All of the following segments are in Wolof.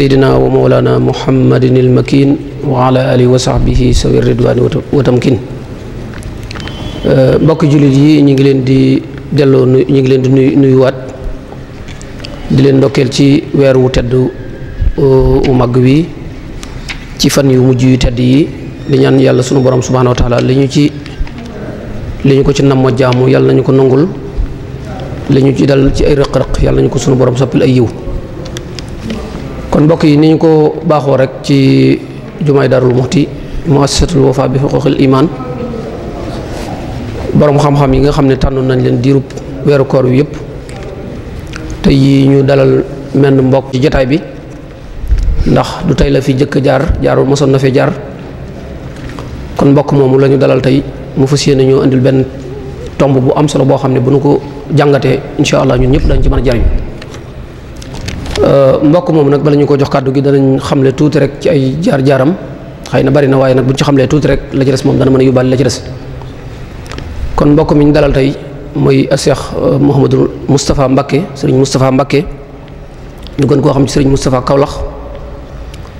sayyidina wa mawlana muhammadin ilmakin wa ala alihi wa sahbihi sawi ridwani wa tamkin uh, mbokki jullit yi ñu ngi leen di delloo ñu ngi leen di nuyu nuyuwaat di leen ndokkeel ci weer wu tedd uh, wu mag wi ci fan yu mujj yu tedd yi di ñaan yàlla sunu borom subhaanahu wa li ñu ci li ñu ko ci namm jaamu yàlla nañu ko nangul li ñu ci dal ci ay rëq-rëq yàlla nañu ko sunu borom soppil ay yiw kon mbokk yi ni ñu ko baaxoo rek ci jumaay Daarul Muxti muassasatul Wafa bi xuquuqil iman boroom xam-xam yi nga xam ne tànnoon nañ leen diirub weeru koor wi yëpp te yi ñu dalal menn mbokk ci jataay bi ndax du tey la fi jëkk jaar jaarul mosoon na fi jaar kon mbokk moomu la ñu dalal tey mu fas yéene ñoo indil benn tomb bu am solo boo xam ne bu nu ko jàngatee incha allah ñun ñëpp dañ ci mën a jariñ Euh, mbokk moom nag bala ñu ko jox kàddu gi danañ xamle tuuti rek ci ay jaar-jaaram xëy na bari na waaye nag bu ñu ci xamlee tuuti rek la ci des moom dana mën a yóbbaale la ci kon mbokk mi ñu dalal tey mooy Cheikh euh, Mouhamadou Moustapha Mbacké sëriñ Moustapha Mbacké ñu gën koo xam ci sëriñ Moustapha Kaolack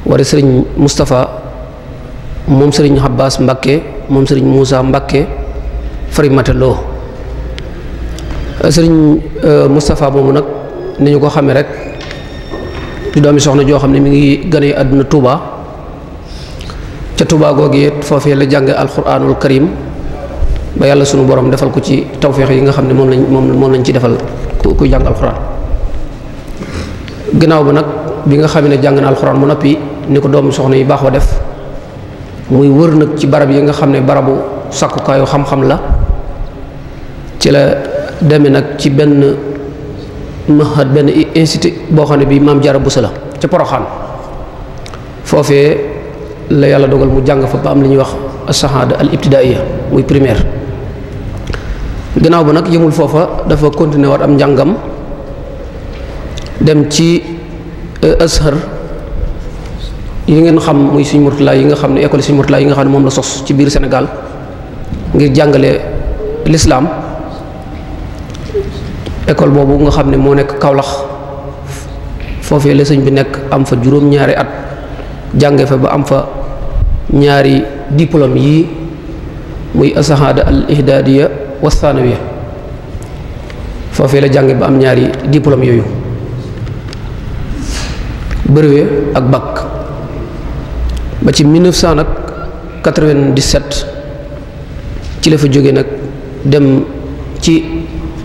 wala sëriñ Moustapha moom sëriñ Abbas Mbacké moom sëriñ Moussa Mbacké Farimata Lo euh, sëriñ Moustapha moomu nag ni ñu ko xamee rek. di doomi soxna joo xam ne mu ngi gane àdduna Touba ca Touba googu it foofee la jànge alxuraanul karim ba yàlla sunu borom defal ko ci tawféex yi nga xam ne moom lañ moom moom lañ ci defal ku ku jàng alxuraan gannaaw ba nag bi nga xam ne jàng na alxuraan ba noppi ni ko doomi soxna yi baaxoo def muy wër nag ci barab yi nga xam ne barabu sàkkukaayu xam-xam la ci la deme nag ci benn mahad benn institut boo xam ne bii maam Jaara Buso la ca Poroxaan foofee la yàlla dogal mu jàng fa ba am li ñuy wax asahaada al ibtidaaiya muy primaire gannaaw ba nag yëmul foofa dafa continuer waat am njàngam dem ci euh, Azhar yi ngeen xam muy Sëñ Murtala yi nga xam ne école Sëñ Murtala yi nga xam ne moom la sos ci biir Sénégal ngir jàngale lislaam école boobu nga xam ne moo nekk Kaolack foofee la sëñ bi nekk am fa juróom-ñaari at jànge fa ba am fa ñaari diplôme yi muy asahaada al ihdaadiya wa foofee la jànge ba am ñaari diplôme yooyu brevet ak bac ba ci 1997 ci la fa jóge nag dem ci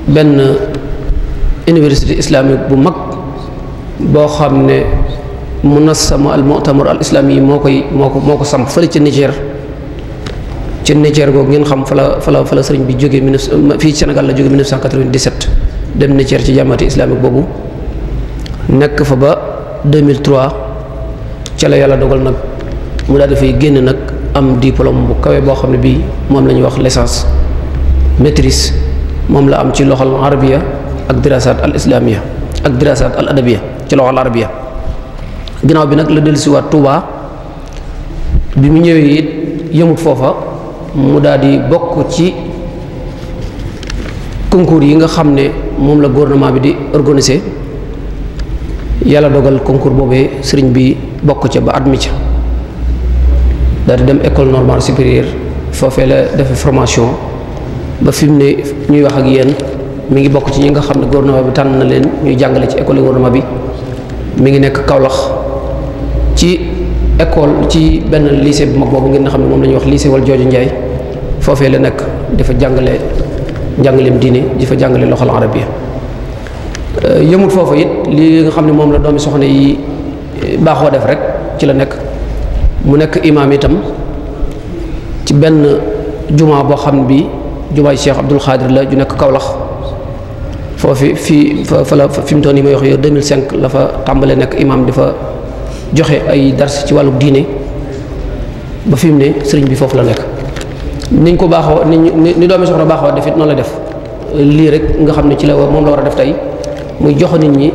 benn université islamique bu mag boo xam ne munassama al mu'tamar al islami yi moo koy moo ko moo ko samp fële ci Niger ci Niger googu ngeen xam fa la fa la sëriñ bi jógee mille fii Sénégal la jógee 1997 dem Niger ci jàmmaati islamique boobu nekk fa ba 2003 ca la yàlla dogal nag mu daal defee génn nag am diplôme bu kawe boo xam ne bii moom lañuy wax licence maîtrise moom la am ci loxol arabia ak dirasaat al islamiya ak dirasaat al adabiya ci loxo al arabiya ginnaaw bi nag la dellusiwaat Touba bi mu ñëwee it yëmut foofa mu daal di bokk ci concours yi nga xam ne moom la gouvernement bi di organiser yàlla dogal concours boobee sëriñ bi bokk ca ba admis ca daal di dem école normale supérieure foofee la defe formation ba fi mu ne ñuy wax ak yéen mi ngi bokk ci ñi nga xam ne gouvernement bi tànn na leen ñuy jàngale ci école gouvernement bi mi ngi nekk kawlax ci école ci benn lycée bu mag boobu ngeen xam ne moom la ñuy wax lycée wala jooju Ndiaye foofee la nekk dafa jàngale njàngaleem diine di fa jàngale loxol arabia euh, yëmut foofa it li nga xam ne moom la doomi soxna yi euh, baaxoo def rek ci la nekk mu nekk imaam itam ci benn jumaa boo xam bi jumaay Cheikh Abdul Xaadir la ju nekk kawlax foofi fii fa la fi mu toll nii may wax yow 2005 la fa tàmbale nekk imam dafa joxe ay dars ci wàllu diine ba fi mu ne sëriñ bi foofu la nekk. niñ ko baaxoo ni ni doomi soxna baaxoo def it noonu def lii rek nga xam ne ci la moom la war a def tey muy jox nit ñi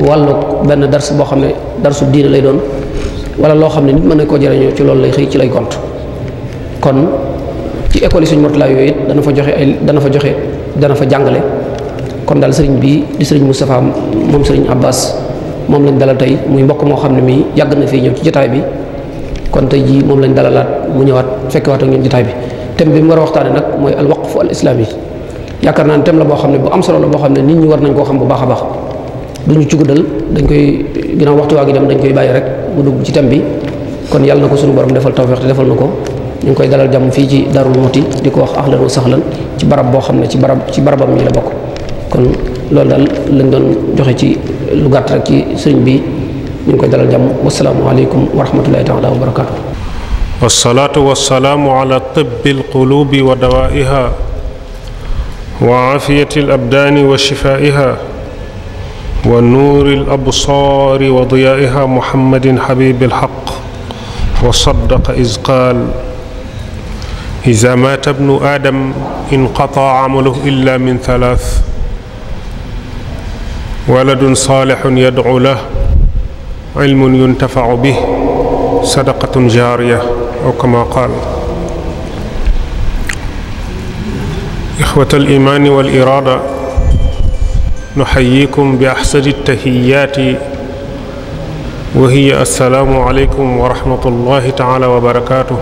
wàllu benn dars boo xam ne darsu diine lay doon wala loo xam ne nit mën na koo jëriñoo ci loolu lay xëy ci lay gont kon ci école yi suñu Mourtalla yooyu dana fa joxe dana fa joxe dana fa jàngale. kon daal sëriñ bii di sëriñ Moustapha moom sëriñ Abbas moom lañ dalal tey muy mbokk moo xam ne mi yàgg na fii ñëw ci jataay bi kon tey jii moom lañ dalalaat mu ñëwaat fekkewaat ak ñun jotaay bi thème bi mu war a waxtaane nag mooy al waqfu al islaam yi yaakaar naa ne la boo xam ne bu am solo la boo xam ne nit ñi war nañ koo xam bu baax a baax du ñu ci dañ koy ginnaaw waxtu waa gi dem dañ koy bàyyi rek mu dugg ci thème bi kon yàlla na ko suñu borom defal tawfeex te defal na ko ñu ngi koy dalal jàmm fii ci Darou Moukhty di ko wax ahlan wa sahlan ci barab boo xam ne ci barab ci barabam yi bokk kon loolu daal lañ doon joxe ci lu gàtt rek ci sëriñ bi ñu ngi koy dalal jàmm wasalaamualeykum wa rahmatullahi taala wa barakaatu. wasalaatu wasalaamu ala tibbil qulubi wa dawaiha wa afiyati al abdaani wa shifaiha wa nuuri al absaari wa diyaiha muhammadin habibil haq wa saddaqa iz qaal iza maata ibnu aadam inqataa amaluhu illa min thalath waladun saalixun yadcu lah ilmun yuntafacu bih sadaqatun jaariya aw kama qaal ixwata alimaani wal iraada nuxayikum bi axsani tahiyaati wa hiya assalaamu aleykum wa rahmatullahi taala wa barakaatuh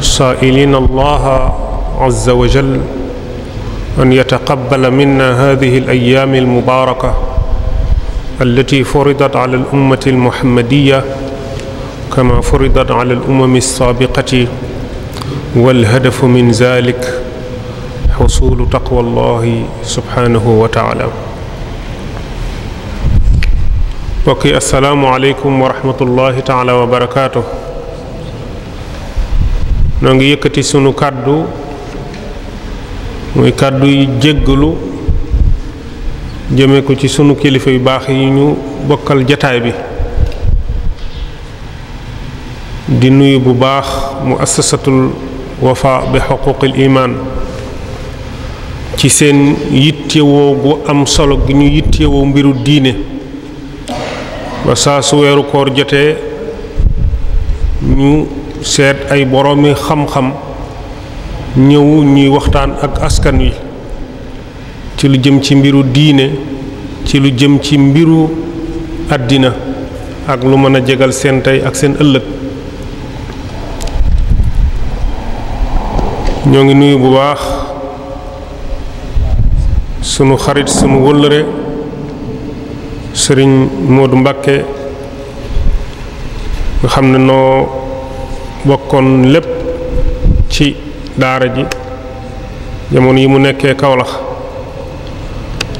saa'ilina allaha azza wa jal أن يتقبل منا هذه الأيام المباركة التي فرضت على الأمة المحمدية كما فرضت على الأمم السابقة والهدف من ذلك حصول تقوى الله سبحانه وتعالى bokki asalaamualeykum wa rahmatullahi taala wa barakaatu noo ngi yëkkati sunu kàddu muy kàddu yi jéggalu jëme ko ci sunu kilifa yu baax yi ñu bokkal jataay bi di nuyu bu baax mu assasatul wafa bi xuquqil imaan ci seen yittewoo gu am solo gi ñu yittewoo mbiru diine ba saa su weeru koor jotee ñu seet ay boroomi xam-xam ñëw ñuy waxtaan ak askan wi ci lu jëm ci mbiru diine ci lu jëm ci mbiru àddina ak lu mën a jegal seen tey ak seen ëllëg ñoo ngi nuyu bu baax sunu xarit sunu wëllëre sëriñ Modou Mbakke nga xam ne noo bokkoon lépp ci daara ji jamono yi mu nekkee Kawlax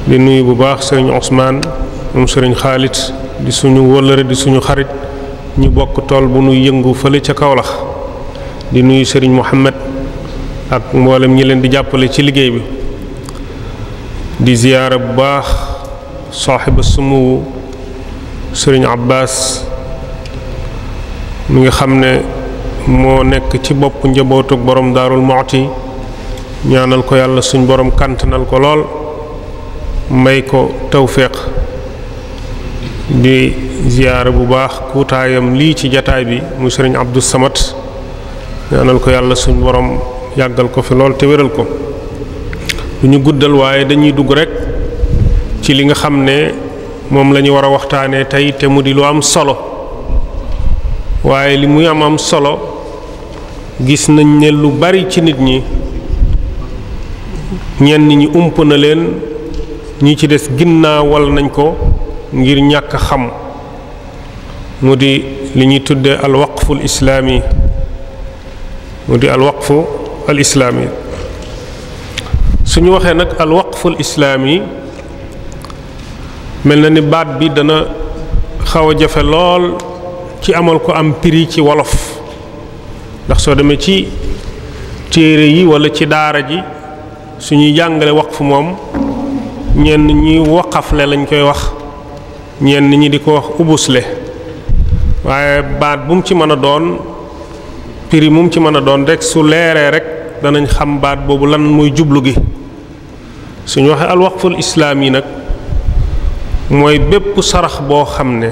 di nuyu bu baax sëriñ osmaan moom sëriñ xaalit di suñu wëllëre di suñu xarit ñu bokk tool bu nuy yëngu fële ca Kawlax di nuyu sëriñ Mohamed ak mboolem ñi leen di jàppale ci liggéey bi di ziyaara bu baax saaxiba sumuwu sëriñ Abbas mi nga xam ne moo nekk ci bopp njabootug borom daarul moxti ñaanal ko yàlla suñ boroom borom nal ko lool may ko tawféex di ziyaare bu baax kuutaayam lii ci jataay bi mu sëriñ Abdou Samad ñaanal ko yàlla suñ boroom yàggal ko fi lool te wéral ko du ñu guddal waaye dañuy dugg rek ci li nga xam ne moom la ñu war a waxtaanee tey te mu di lu am solo waaye li muy am am solo gis nañ ne lu bari ci nit ñi ñenn ñi ump na leen ñi ci des ginnaawal nañ ko ngir ñàkk xam mu di li ñuy tuddee al waqfu al islaami suñu waxee nag al waqfu al mel na ni baat bi dana xaw a jafe lool ci amal ko am prix ci wolof ndax soo demee ci téere yi wala ci daara ji suñuy jàngale wax fu moom ñenn ñuy waqafle lañ koy wax ñenn ñi di ko wax ubusle waaye baat bu mu ci mën a doon prix mu mu ci mën a doon rekk su leeree rek danañ xam baat boobu lan muy jublu gi suñu waxee alwaqful islaam yi nag mooy bépp sarax boo xam ne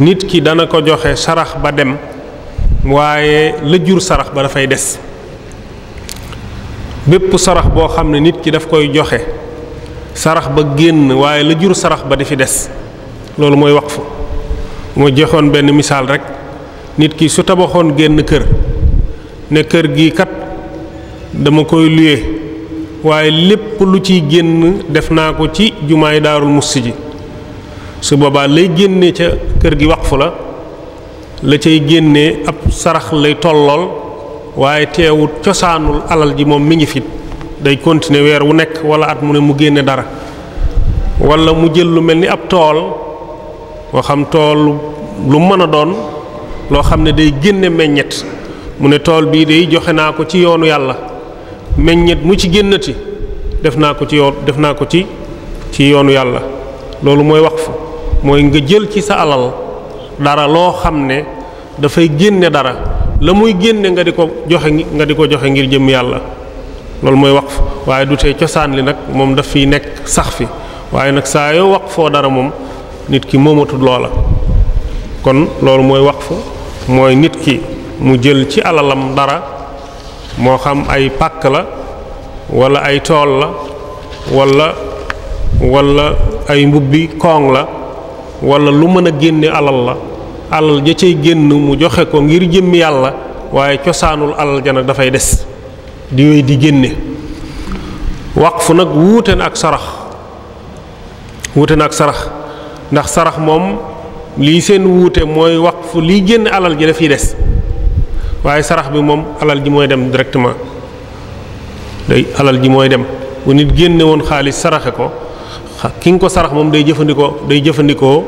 nit ki dana ko joxe sarax ba dem waaye la jur sarax ba dafay des bépp sarax boo xam ne nit ki daf koy joxe sarax ba génn waaye la jur sarax ba di fi des loolu mooy wax fa moo joxoon benn misaal rek nit ki su tabaxoon génn kër ne kër gi kat dama koy luye waaye lépp lu ciy génn def naa ko ci jumaay daarul musti ji su boobaa lay génne ca kër gi wax fu la la cay génne ab sarax lay tollool waaye teewut cosaanul alal ji moom mi ngi fit day continuer weer wu nekk wala at mu ne mu génne dara wala mu jël lu mel ni ab tool moo xam tool lu mën a doon loo xam ne day génne meññet mu ne tool bii day joxe naa ko ci yoonu yàlla meññet mu ci génnati def naa ko ci yoon def naa ko ci ci yoonu yàlla loolu mooy waqf mooy nga jël ci sa alal dara loo xam ne dafay génne dara la muy génne nga di ko joxe nga di ko joxe ngir jëm yàlla loolu mooy waqf waaye du tee cosaan li nag moom daf nekk sax fi waaye nag saa yoo foo dara moom nit ki moomatul loola kon loolu mooy waqf mooy nit ki mu jël ci alalam dara moo xam ay pàkk la wala ay tool la wala wala ay mbubbi koŋ la wala lu mën a génne alal la alal ja cay génn mu joxe ko ngir jëmmi yàlla waaye cosaanul alal ja nag dafay des di yooyu di génne waqfu nag wuute na ak sarax wuute na ak sarax ndax sarax moom lii seen wuute mooy wax fu lii génn alal ji dafiy des waaye sarax bi moom alal ji mooy dem directement day alal ji mooy dem bu nit génne woon xaalis saraxe ko ki nga ko sarax moom day jëfandikoo day jëfandikoo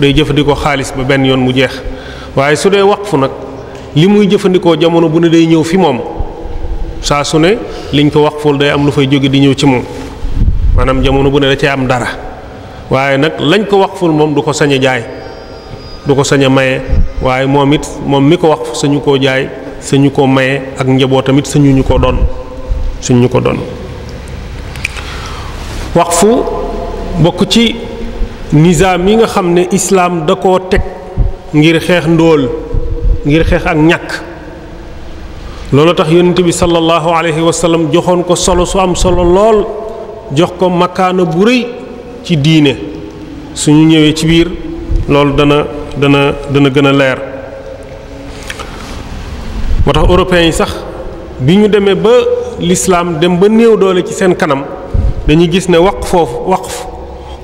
day jëfandikoo xaalis ba benn yoon mu jeex waaye su dee wax fu nag li muy jëfandikoo jamono bu ne day ñëw fi moom saa su ne liñ ko wax waqful day am lu fay jóge di ñëw ci moom maanaam jamono bu ne da cee am dara waaye nag lañ ko wax ful moom du ko sañ a jaay du ko sañ a maye waaye moom it moom mi ko waqf sañu koo jaay sañu koo maye ak njaboot tamit sañu ñu ko doon suñ ñu ko doon waqfu bokk ci nizaam yi nga xam ne islaam da koo teg ngir xeex ndóol ngir xeex ak ñàkk loolu tax yonent bi sallallahu alayhi wa sallam joxoon ko solo su am solo lool jox ko makaana bu rëy ci diine suñu ñëwee ci biir loolu dana dana dana gën a leer moo tax européens yi sax bi ñu demee ba lislaam dem ba néew doole ci seen kanam dañuy gis ne waqf foofu waqf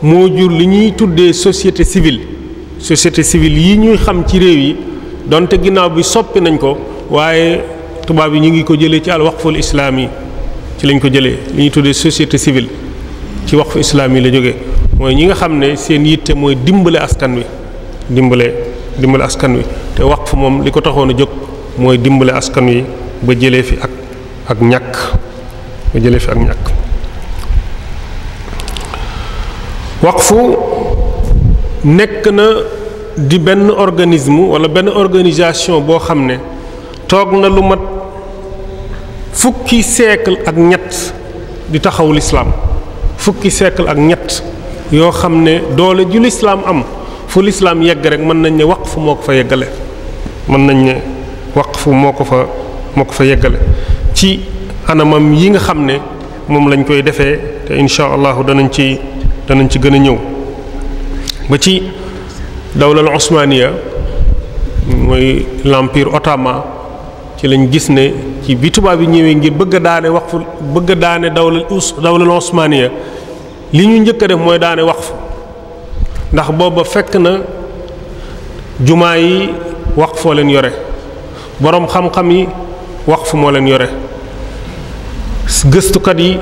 moo jur li ñuy tuddee société civile société civile yi ñuy xam ci réew yi donte ginnaaw bi soppi nañ ko waaye tubaab yi ñu ngi ko jëlee ci al waqful islaam yi ci lañ ko jëlee li ñuy tuddee société civile ci waqfu islaam yi la jóge mooy ñi nga xam ne seen yitte mooy dimbale askan wi dimbale dimbale askan wi te wax fu moom li ko taxoon a jóg mooy dimbale askan wi ba jëlee fi ak ak ñàkk ba jëlee fi ak ñàkk. wax fu nekk na di benn organisme wala benn organisation boo xam ne toog na lu mat fukki siècle ak ñett di taxaw lislaam fukki siècle ak ñett yoo xam ne doole ju lislaam am fu lislaam yegg rek mën nañ ne waqf moo ko fa yeggale mën nañ ne waqf moo ko fa moo ko fa yeggale ci anamam yi nga xam ne moom lañ koy defee te incha allahu danañ ci danañ ci gën a ñëw ba ci daw dawlal osmania mooy l'empire ottoman ci lañ gis ne ci bi tubaab yi ñëwee ngir bëgg a daane waqf bëgg a daane dawlal dawlal osmania li ñu njëkk a def mooy daane waqf ndax booba fekk na jumaa yi wax foo leen yore boroom xam-xam yi fu moo leen yore gëstukat yi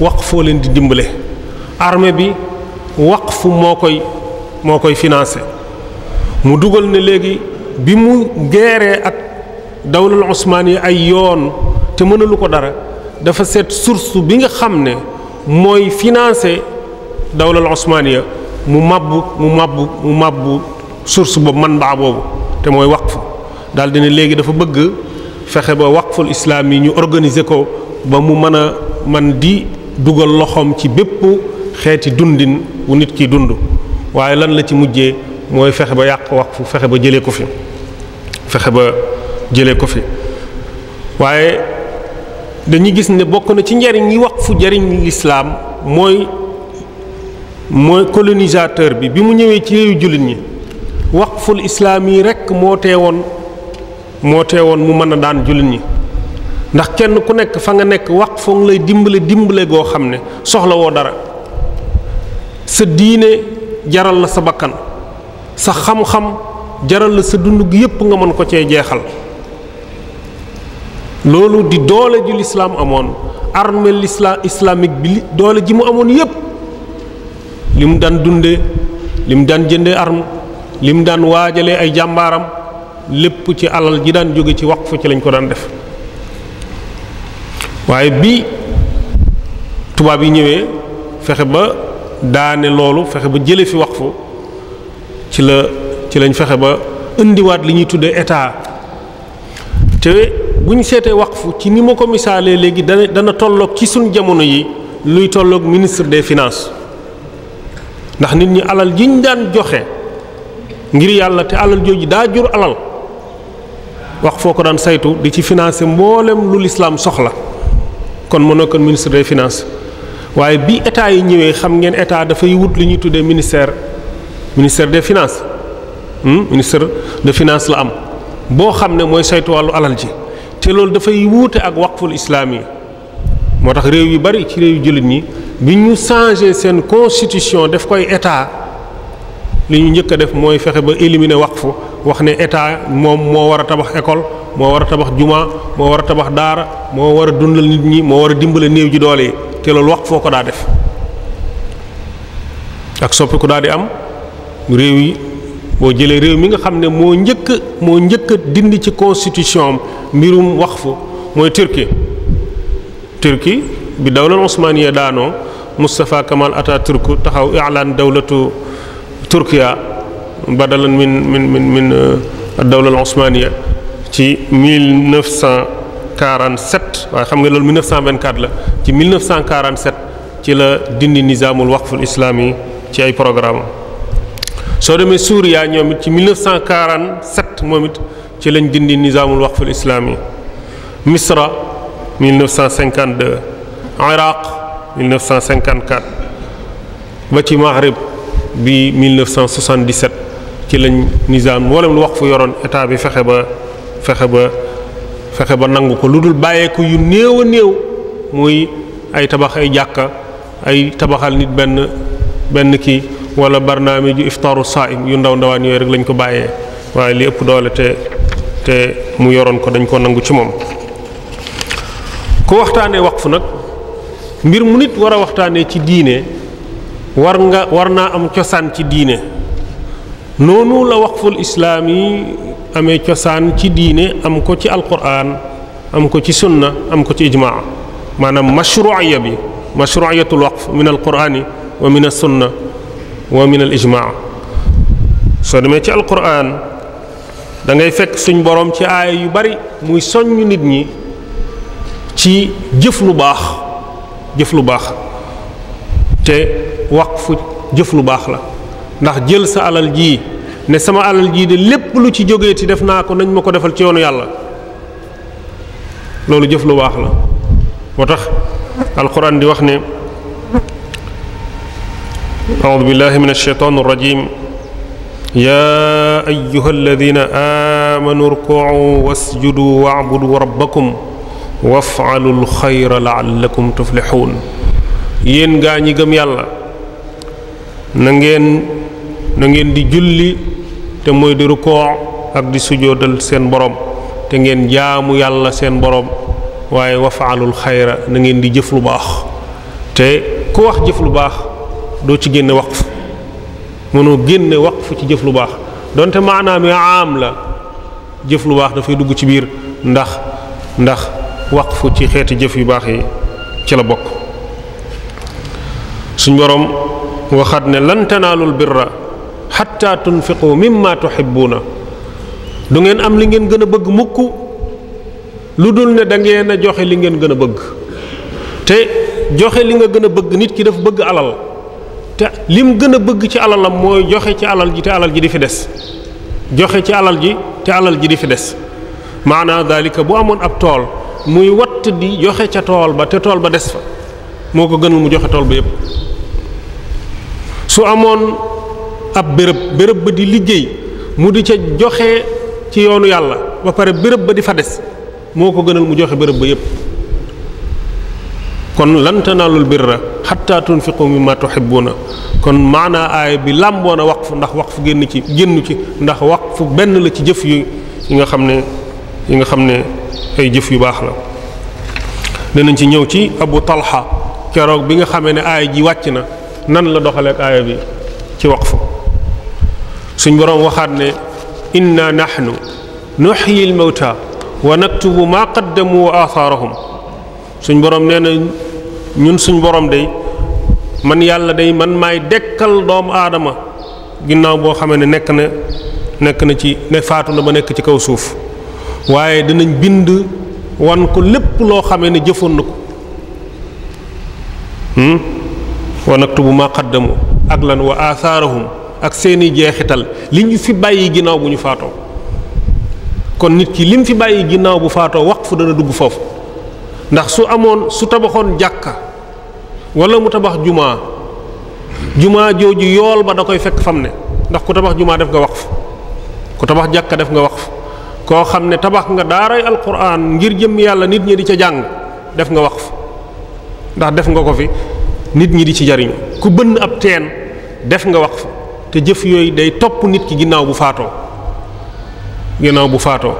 wax foo leen di dimbale armée bi fu moo koy moo koy financé mu dugal ne léegi bi mu geeree ak dawlal osmaan yi ay yoon te mënalu ko dara dafa seet source bi nga xam ne mooy financé dawlal osmaan ya mu màbb mu màbb mu màbb source ba man baa boobu te mooy waqf daal di ne léegi dafa bëgg fexe ba wax waqful islaam yi ñu organiser ko ba mu mën a man di dugal loxoom ci bépp xeeti dundin wu nit ki dund waaye lan la ci mujjee mooy fexe ba yàq wax fu fexe ba jëlee ko fi fexe ba jëlee ko fi waaye dañuy gis ne bokk na ci njariñ yi fu jariñ lislaam mooy mooy colonisateur bi bi mu ñëwee ci réewu jullit ñi ful islaam yi rekk moo woon moo woon mu mën a daan jullit ñi ndax kenn ku nekk fa nga nekk wax foog lay dimbale dimbale goo xam ne soxla woo dara sa diine jaral la sa bakkan sa xam-xam jaral la sa dund gi yépp nga mën ko cee jeexal loolu di doole ji lislaam amoon armée l'islam islaamik bi doole ji mu amoon yépp li mu daan dunde li mu daan jënde arme li mu daan waajalee ay jàmbaaram lépp ci alal ji daan jóge ci waqf ci lañ ko daan def waaye bi tubaab yi ñëwee fexe ba daane loolu fexe ba jële fi wax fu ci la ci lañ fexe ba indiwaat li ñuy tuddee état te bu ñu seetee fu ci ni ma ko misaalee léegi dana dana tolloog ci suñ jamono yi luy tolloog ministre des finance ndax nit ñi alal jiñ daan joxe ngir yàlla te alal jooju daa jur alal wax foo ko daan saytu di ci financer mboolem lu lislaam soxla kon na kon ministre des finance waaye bi état yi ñëwee xam ngeen état dafay wut li ñuy tuddee ministère ministère des finance hmm? ministère de finance la am boo xam ne mooy saytu wàllu alal ji te loolu dafay wuute ak waqful islaam yi moo tax réew yu bari ci réew yu jullit ñi bi ñu changé seen constitution daf koy état li ñu njëkk a def mooy fexe ba éliminer waqfu wax ne état moom moo war a tabax école moo war a tabax juma moo war a tabax daara moo war a dundal nit ñi moo war a dimbale néew ji doole te loolu waqf foo ko daa def ak soppi ku daa di am réew yi boo jëlee réew mi nga xam ne moo njëkk moo njëkk dind ci constitution am mbirum waqf mooy Turquie Turquie bi dawlal osmaniya daanoo Mustafa Kemal Atatürk taxaw i'lan dawlatu Turkiya badalan min min min min euh, dawlal osmaniya ci 1947 waaye xam nga loolu 1924 la ci 1947 ci la dindi nizaamul waqful islaami ci ay programme soo demee Suuriya ñoom it ci 1947 moom it ci lañ dindi nizaamul waqful islaami Misra 1952 Iraq 1954 ba ci Maghrib bi 1977 ci lañ nizaam wala lu waqfu yoroon état bi fexe ba fexe ba. fexe ba nangu ko lu dul bàyyeeku yu néew a néew muy ay tabax ay jàkka ay tabaxal nit benn benn kii wala barnaamiju iftaaru saim yu ndaw ndawaan yooyu rek lañ ko bàyyee waaye li ëpp doole te mu yoroon ko dañ koo nangu ci moom ku waxtaanee fu nag mbir mu nit war a waxtaanee ci diine war nga war naa am cosaan ci diine noonu la waqful islaam yi amee cosaan ci diine am ko ci alquran am ko ci sunna am ko ci ijmaa maanaam mashruuya bi mashruuyatul waqf min alqurani wa min alsunna wa min al ijmaa soo demee ci alquran da ngay fekk suñ boroom ci aaya yu bari muy soññ nit ñi ci jëf lu baax jëf lu baax te waqfu jëf lu baax la ndax jël sa alal ji ne sama alal jii de lépp lu ci jógeeti def naa ko nañ ma ko defal ci yoonu yàlla loolu jëf lu baax la moo tax alxuraan di wax ne aoudu billahi min alsheytaan arrajim ya ayuha alladina amanu rkucu wasjudu wacbudu rabbakum wafaalu alxayra laallakum tuflixuun yéen gaa ñi gëm yàlla na ngeen di julli te mooy di rukkoo ak di sujjóotal seen boroom te ngeen jaamu yàlla seen boroom waaye wafaalul xayra na di jëf lu baax te ku wax jëf lu baax doo ci génne waqf mënoo génne waqf ci jëf lu baax donte maanaam yi am la jëf lu baax dafay dugg ci biir ndax ndax wax fu ci xeeti jëf yu baax yi ci la bokk suñ borom waxaat ne lan bir birra xatta tunfiqu mimma na du ngeen am li ngeen gën a bëgg mukk lu dul ne dangeen a joxe li ngeen gën a bëgg te joxe li nga gën a bëgg nit ki daf bëgg alal te lim gën a bëgg ci alalam mooy joxe ci alal ji te alal ji di fi des joxe ci alal ji te alal ji di fi des maanaa daalika bu amoon ab tool muy watt di joxe ca tool ba te tool ba des fa moo ko gënal mu joxe tool ba yépp su amoon ab béréb béréb ba di liggéey mu di ca joxe ci yoonu yàlla ba pare bërëb ba di fa des moo ko gënal mu joxe béréb ba yépp kon lan tanaalul birra xatta tunfiqu mimma tuhibbuna kon maanaa aay bi làmboon a waqf ndax waqf génn ci génn ci ndax waqf benn la ci jëf yu yi nga xam ne yi nga xam ne ay jëf yu baax la danañ ci ñëw ci abu talha keroog bi nga xame ne aaya ji wàcc na nan la doxaleek aaya bi ci waqf suñ boroom waxaat ne inna nahnu nuxyi al mawta wa naktubu ma qaddamu wa athaarahum suñ boroom nee na ñun suñ boroom day man yàlla day man maay dekkal doomu aadama ginnaaw boo xamee ne nekk na nekk na ci ne faatu na ba nekk ci kaw suuf waaye dinañ bind wan ko lépp loo xame ne jëfoon na ko hmm? wa naktubu ma qaddamu ak lan wa athaarahum ak seeni jeexital li ñu fi bàyyi ginnaaw bu ñu faatoo kon nit ki lim fi bàyyi ginnaaw bu faatoo wax fu dana dugg foofu ndax su amoon su tabaxoon jàkka wala mu tabax jumaa jumaa jooju yool ba da koy fekk fam ne ndax ku tabax jumaa def nga waqf ku tabax jàkka def nga waqf koo xam ne tabax nga daaray alquran ngir jëm yàlla nit ñi di ca jàng def nga waqf ndax def nga ko fi nit ñi di ci jariñu ku bënn ab teen def nga wax waqf te jëf yooyu day topp nit ki ginnaaw bu faatoo ginnaaw bu faatoo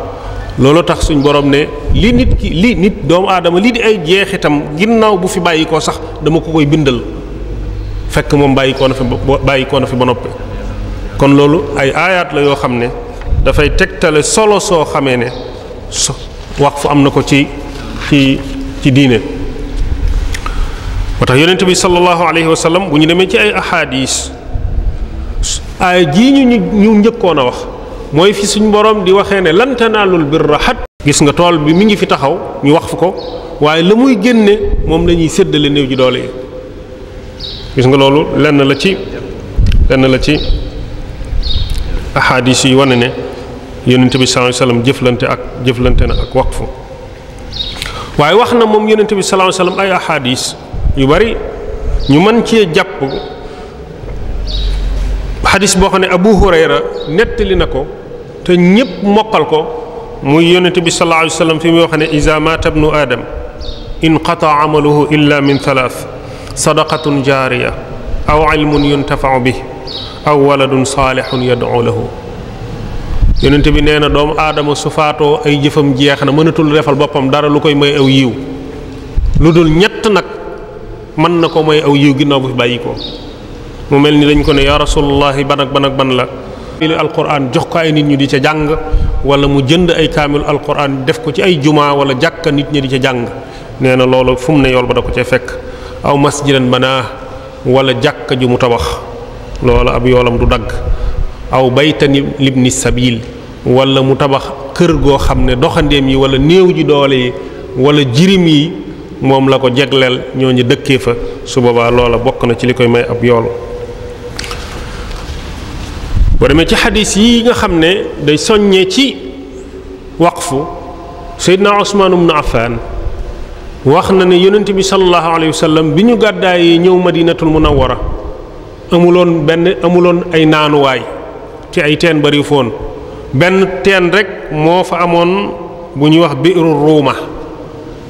loolu tax suñ borom ne li nit ki li nit doomu aadama lii di ay jeexitam ginnaaw bu fi bàyyi sax dama ko koy bindal fekk moom bàyyi koo na fi na fi ba noppi kon loolu ay aayaat la yoo xam ne dafay tegtale solo soo xamee ne so waqfu am na ko ci ci ci diine moo tax yonent bi sallallahu alayhi wa bu ñu demee ci ay ahadis aaya jii ñu ñu njëkkoon a wax mooy fi suñ boroom di waxee ne lan tanaalul birra xat gis nga tool bi mi ngi fi taxaw ñu wax fu ko waaye la muy génne moom lañuy ñuy séddale di doole yi gis nga loolu lenn la ci lenn la ci ahadis yi wane ne yonent bi sallallahu alayhi wasallam jëflante ak jëflante na ak waaye wax na moom yonent bi sallallahu alayhi wasallam ay ahadis yu bari ñu man cee jàpp xadis boo xam ne abu hurayra nettali na ko te ñépp mokkal ko muy yonente bi sallallahu alayhi fi muy wax ne iza mata ibnu aadam inqata amaluhu illa min thalath sadaqatun jaariya aw ilmun yuntafau bi aw waladun saalihun yad'u nee na doomu aadama su ay jëfam jeex na mënatul defal boppam dara lu koy may aw yiw lu dul ñett nag mën na ko may aw yiw ginnaaw bu fi bàyyi ko mu mel ni dañ ko ne yaa rasulullahi ban ak ban ak ban la li alquran jox ko ay nit ñu di ca jàng wala mu jënd ay kaamil alquran def ko ci ay jumaa wala jàkka nit ñi di ca jàng nee na loolu fu ne yool ba da ko cay fekk aw masjidan banaa wala jàkka ju mu tabax loola ab yoolam du dagg aw baytan libni sabil walla mu tabax kër goo xam ne doxandeem yi wala néew ji doole yi wala jirim yi moom la ko jegleel ñoo ñu dëkkee fa su boobaa loola bokk na ci li koy may ab yool boo demee ci xadis yi nga xam ne day soññee ci waxfu Seydina Usmaan ibn Affaan wax na ne yonent bi sallallahu alayhi wa bi ñu gàddaayee ñëw madinatul munawwara amuloon benn amuloon ay naanuwaay ci ay teen bari foon benn teen rekk moo fa amoon bu ñuy wax biiru ruuma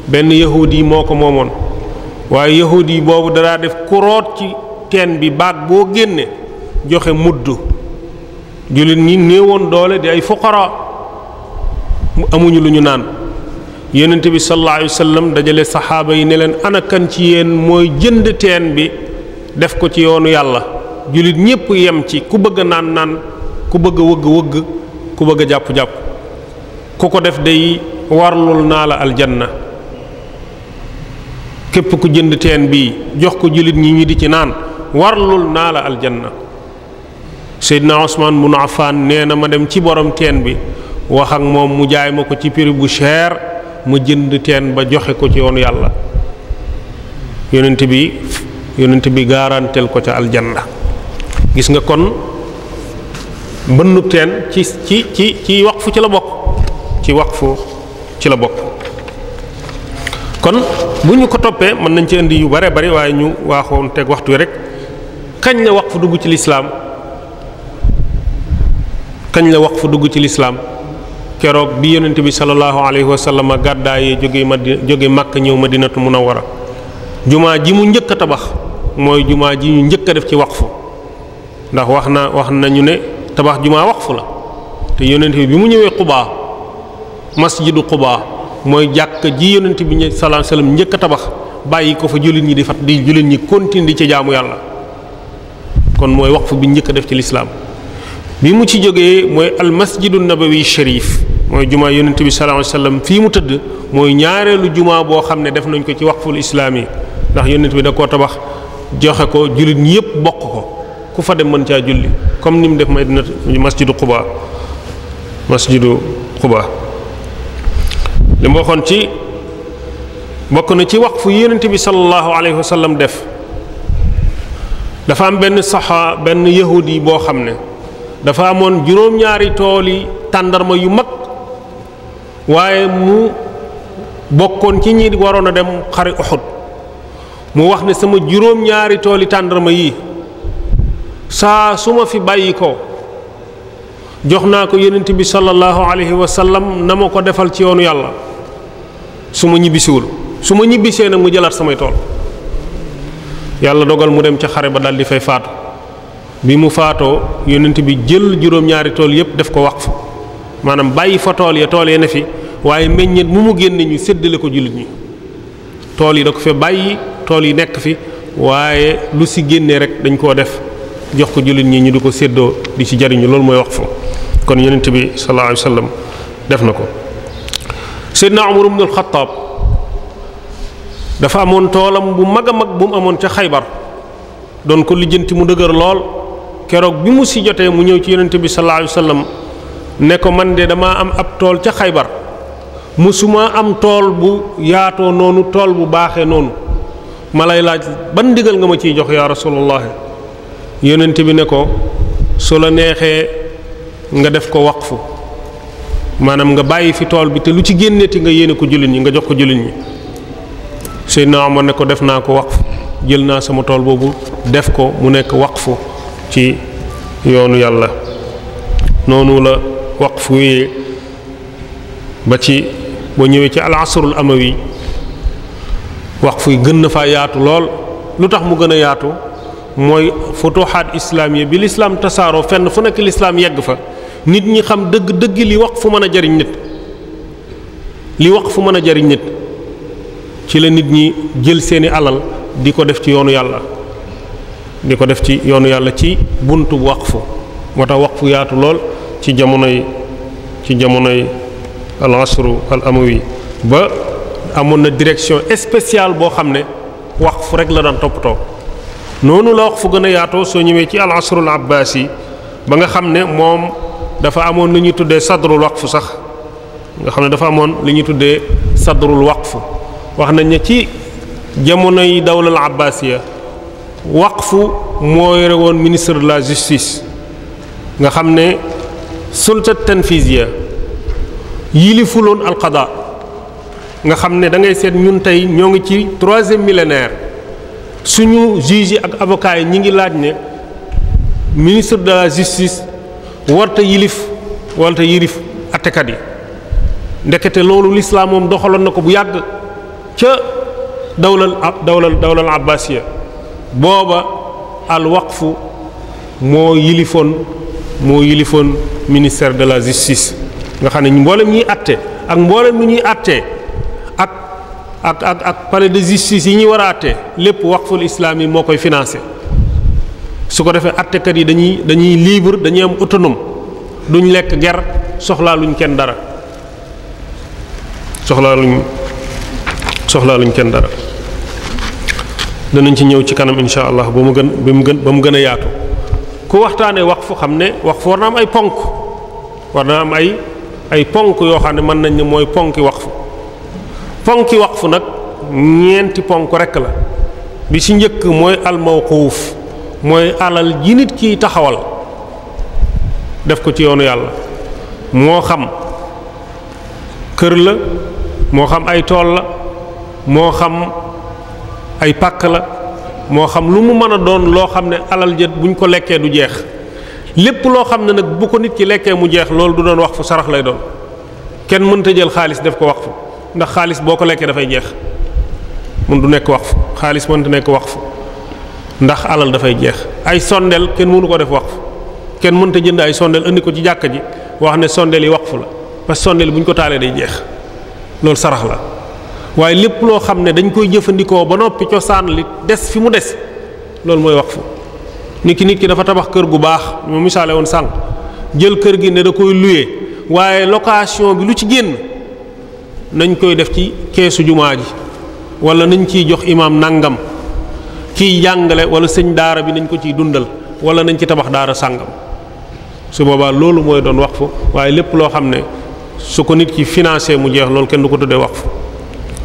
benn yahuud yi moo ko moomoon waaye yahuud yi boobu danaa def kuroot ci teen bi baat boo génne joxe mudd jullit ñi néewoon doole di ay fuqara amuñu lu ñu naan yonent bi sallallahu alayhi dajale saxaaba yi ne leen anakan ci yéen mooy jënd teen bi def ko ci yoonu yàlla jullit ñépp yem ci ku bëgg a naan naan ku bëgg a wëgg wëgg ku bëgg a jàpp jàpp ku ko def day warlul naa la aljanna képp ku jënd teen bi jox ko jullit ñi ñi di ci naan warlul naa la aljanna Seydina Ousmane bun Affan nee na ma dem ci borom teen bi wax ak moom mu jaay ma ko ci prix bu cher mu jënd teen ba joxe ko ci yoonu yàlla yonent bi yonent bi gaaranteel ko ca aljanna gis nga kon bënnub teen ci ci ci ci waqfu ci la bokk ci waqfu ci la bokk kon bu ñu ko toppee mën nañ ci indi yu bare bari waaye ñu waaxoon teg waxtu wi rek kañ la waqfu dugg ci lislaam kañ la wax waqfu dugg ci lislaam keroog bi yonent bi sallallahu alayhi wa sallam gàddaayee jóge Madina jóge Makka ñëw war a jumaa ji mu njëkk a tabax mooy jumaa ji ñu njëkk a def ci waqfu ndax wax na wax nañu ne tabax jumaa waqfu la te yonent bi mu ñëwee xubaa mas ji du Quba mooy jàkk ji yonent bi sallallahu salaam wa sallam njëkk a tabax bàyyi ko fa jullit ñi di fat di jullit ñi continue di ci jaamu yàlla kon mooy waqfu bi njëkk a def ci lislaam bi mu ci jógee mooy almasjidu nabawi sharif mooy jumaa yonent bi sallallahu alayhi wasallam fii mu tëdd mooy ñaareelu jumaa boo xam ne def nañ ko ci waqful islaami ndax yonent bi da koo tabax joxe ko jullit ñépp bokk ko ku fa dem mën caa julli comme ni mu def Madina masjidu Quba masjidu Quba li ma waxoon ci bokk na ci waqfu yonent bi sallallahu alayhi wasallam def dafa am benn saxaa benn yahudi boo xam ne dafa amoon juróom-ñaari tool yi tàndarma yu mag waaye mu bokkoon ci ñi waroon a dem xare Uhud mu wax ne sama juróom-ñaari tool yi tàndarma yi saa su ma fi bàyyi ko jox naa ko yonent bi sallallahu alayhi wa sallam na ma ko defal ci yoonu yàlla su ma ñibbisiwul su ma ñibbisee nag mu jëlaat samay tool yàlla dogal mu dem ca xare ba daal di fay faatu bi mu faatoo yonent bi jël juróom-ñaari tool yépp def ko waqf maanaam bàyyi fa tool ya tool ya ne fi waaye meññeet mu mu génne ñu séddale ko jullit ñi tool yi da ko fa bàyyi tool yi nekk fi waaye lu si génnee rek dañ koo def jox ko jullit ñi ñu di ko séddoo di ci jariñu loolu mooy wax waqf kon yonent bi sallallahu alayhi wasallam def na ko Seydina Umar ibn dafa amoon toolam bu mag a mag bu mu amoon ca Xaybar doon ko lijjanti mu dëgër lool keroog bi mu si jotee mu ñëw ci yonent bi sallallahu alayhi wasallam ne ko man de damaa am ab tool ca xaybar mu musuma am tool bu yaatoo noonu tool bu baaxee noonu ma lay laaj ban ndigal nga ma ciy jox yaa rasulullah yonent bi ne ko su la neexee nga def ko fu maanaam nga bàyyi fi tool bi te lu ci génneeti nga yéene ko jullit yi nga jox ko jullit ñi naa Omar ne ko def naa ko waqfu jël naa sama tool boobu def ko mu nekk waqfu ci yoonu yàlla noonu la waqf wéyee ba ci boo ñëwee ci al asrul amawi wax fuy gën na faa yaatu lool lu tax mu gën a yaatu mooy futuxaat islaamiya bi lislaam tasaaroo fenn fu nekk lislaam yegg fa nit ñi xam dëgg dëgg li waqf mën a jariñ nit li fu mën a jariñ nit ci la nit ñi jël seeni alal di ko def ci yoonu yàlla di ko def ci yoonu yàlla ci buntu waqfu moo tax waqfu yaatu lool ci jamonoy ci jamonoy al asru al amawi ba amoon na direction spéciale boo xam ne wax waqfu rek la daan toppatoo noonu la waqfu gën a yaatoo soo ñëwee ci al asru al abbaasi ba nga xam ne moom dafa amoon lu ñuy tuddee sadrul fu sax nga xam ne dafa amoon lu ñuy tuddee sadrul waqfu wax nañ ne ci jamonoy dawlal abbaasiya waqfu moo yore woon ministre de la justice nga xam ne sulta tanfisiya yilifuloon alqada nga xam ne da ngay seet ñun tey ñoo ngi ci troisième millénaire suñu juge ak avocat yi ñi ngi laaj ne ministre de la justice warta yilif warta yilif attekat yi ndekete loolu lislaam moom doxaloon na ko bu yàgg ca dawlal ab dawlal dawlal abbasiya booba al waxfu moo yilifoon moo yilifoon ministère de la justice nga xam ne mboolem ñuy àtte ak mboolem lu ñuy àtte ak ak ak ak palais de justice yi ñuy war a àtte lépp waqful islam yi moo koy financé su ko defee àttekat yi dañuy dañuy libre dañuy am autonome duñ lekk ger soxlaaluñ kenn dara soxlaa luñ soxlaa kenn dara danañ ci ñëw ci kanam insha allah ba mu gën ba mu gën ba mu gën a yaatu ku waxtaanee waqfu xam ne waqfu war na am ay ponk war na am ay ay ponk yoo xam ne mën nañ ne mooy ponki waqfu ponki fu nag ñeenti ponk rek la bi ci njëkk mooy almawquuf mooy alal ji nit kiy taxawal def ko ci yoonu yàlla moo xam kër la moo xam ay tool la moo xam ay pàkk la moo xam lu mu mën a doon loo xam ne alal jët buñ ko lekkee du jeex lépp loo xam ne nag bu ko nit ki lekkee mu jeex loolu du doon wax fu sarax lay doon kenn mënta jël xaalis def ko wax fu ndax xaalis boo ko lekkee dafay jeex mun du nekk wax fu xaalis mënta nekk wax fu ndax alal dafay jeex ay sondeel kenn mënu ko def wax fu kenn mënta jënd ay sondeel indi ko ci jàkka ji wax ne sondeel yi wax fu la parce que sondeel bu ñu ko taalee day jeex loolu sarax la waaye lépp loo xam ne dañ koy jëfandikoo ba noppi cosaan li des fi mu des loolu mooy waqfu nit ki nit ki dafa tabax kër gu baax mu misaale woon sànq jël kër gi ne da koy luye waaye location bi lu ci génn nañ koy def ci keesu jumaa ji wala nañ ciy jox imaam nangam kiy jàngale wala sëñ daara bi nañ ko ciy dundal wala nañ ci tabax daara sàngam su boobaa loolu mooy doon wax waqfu waaye lépp loo xam ne su ko nit ki financé mu jeex loolu kenn du ko tuddee waqfu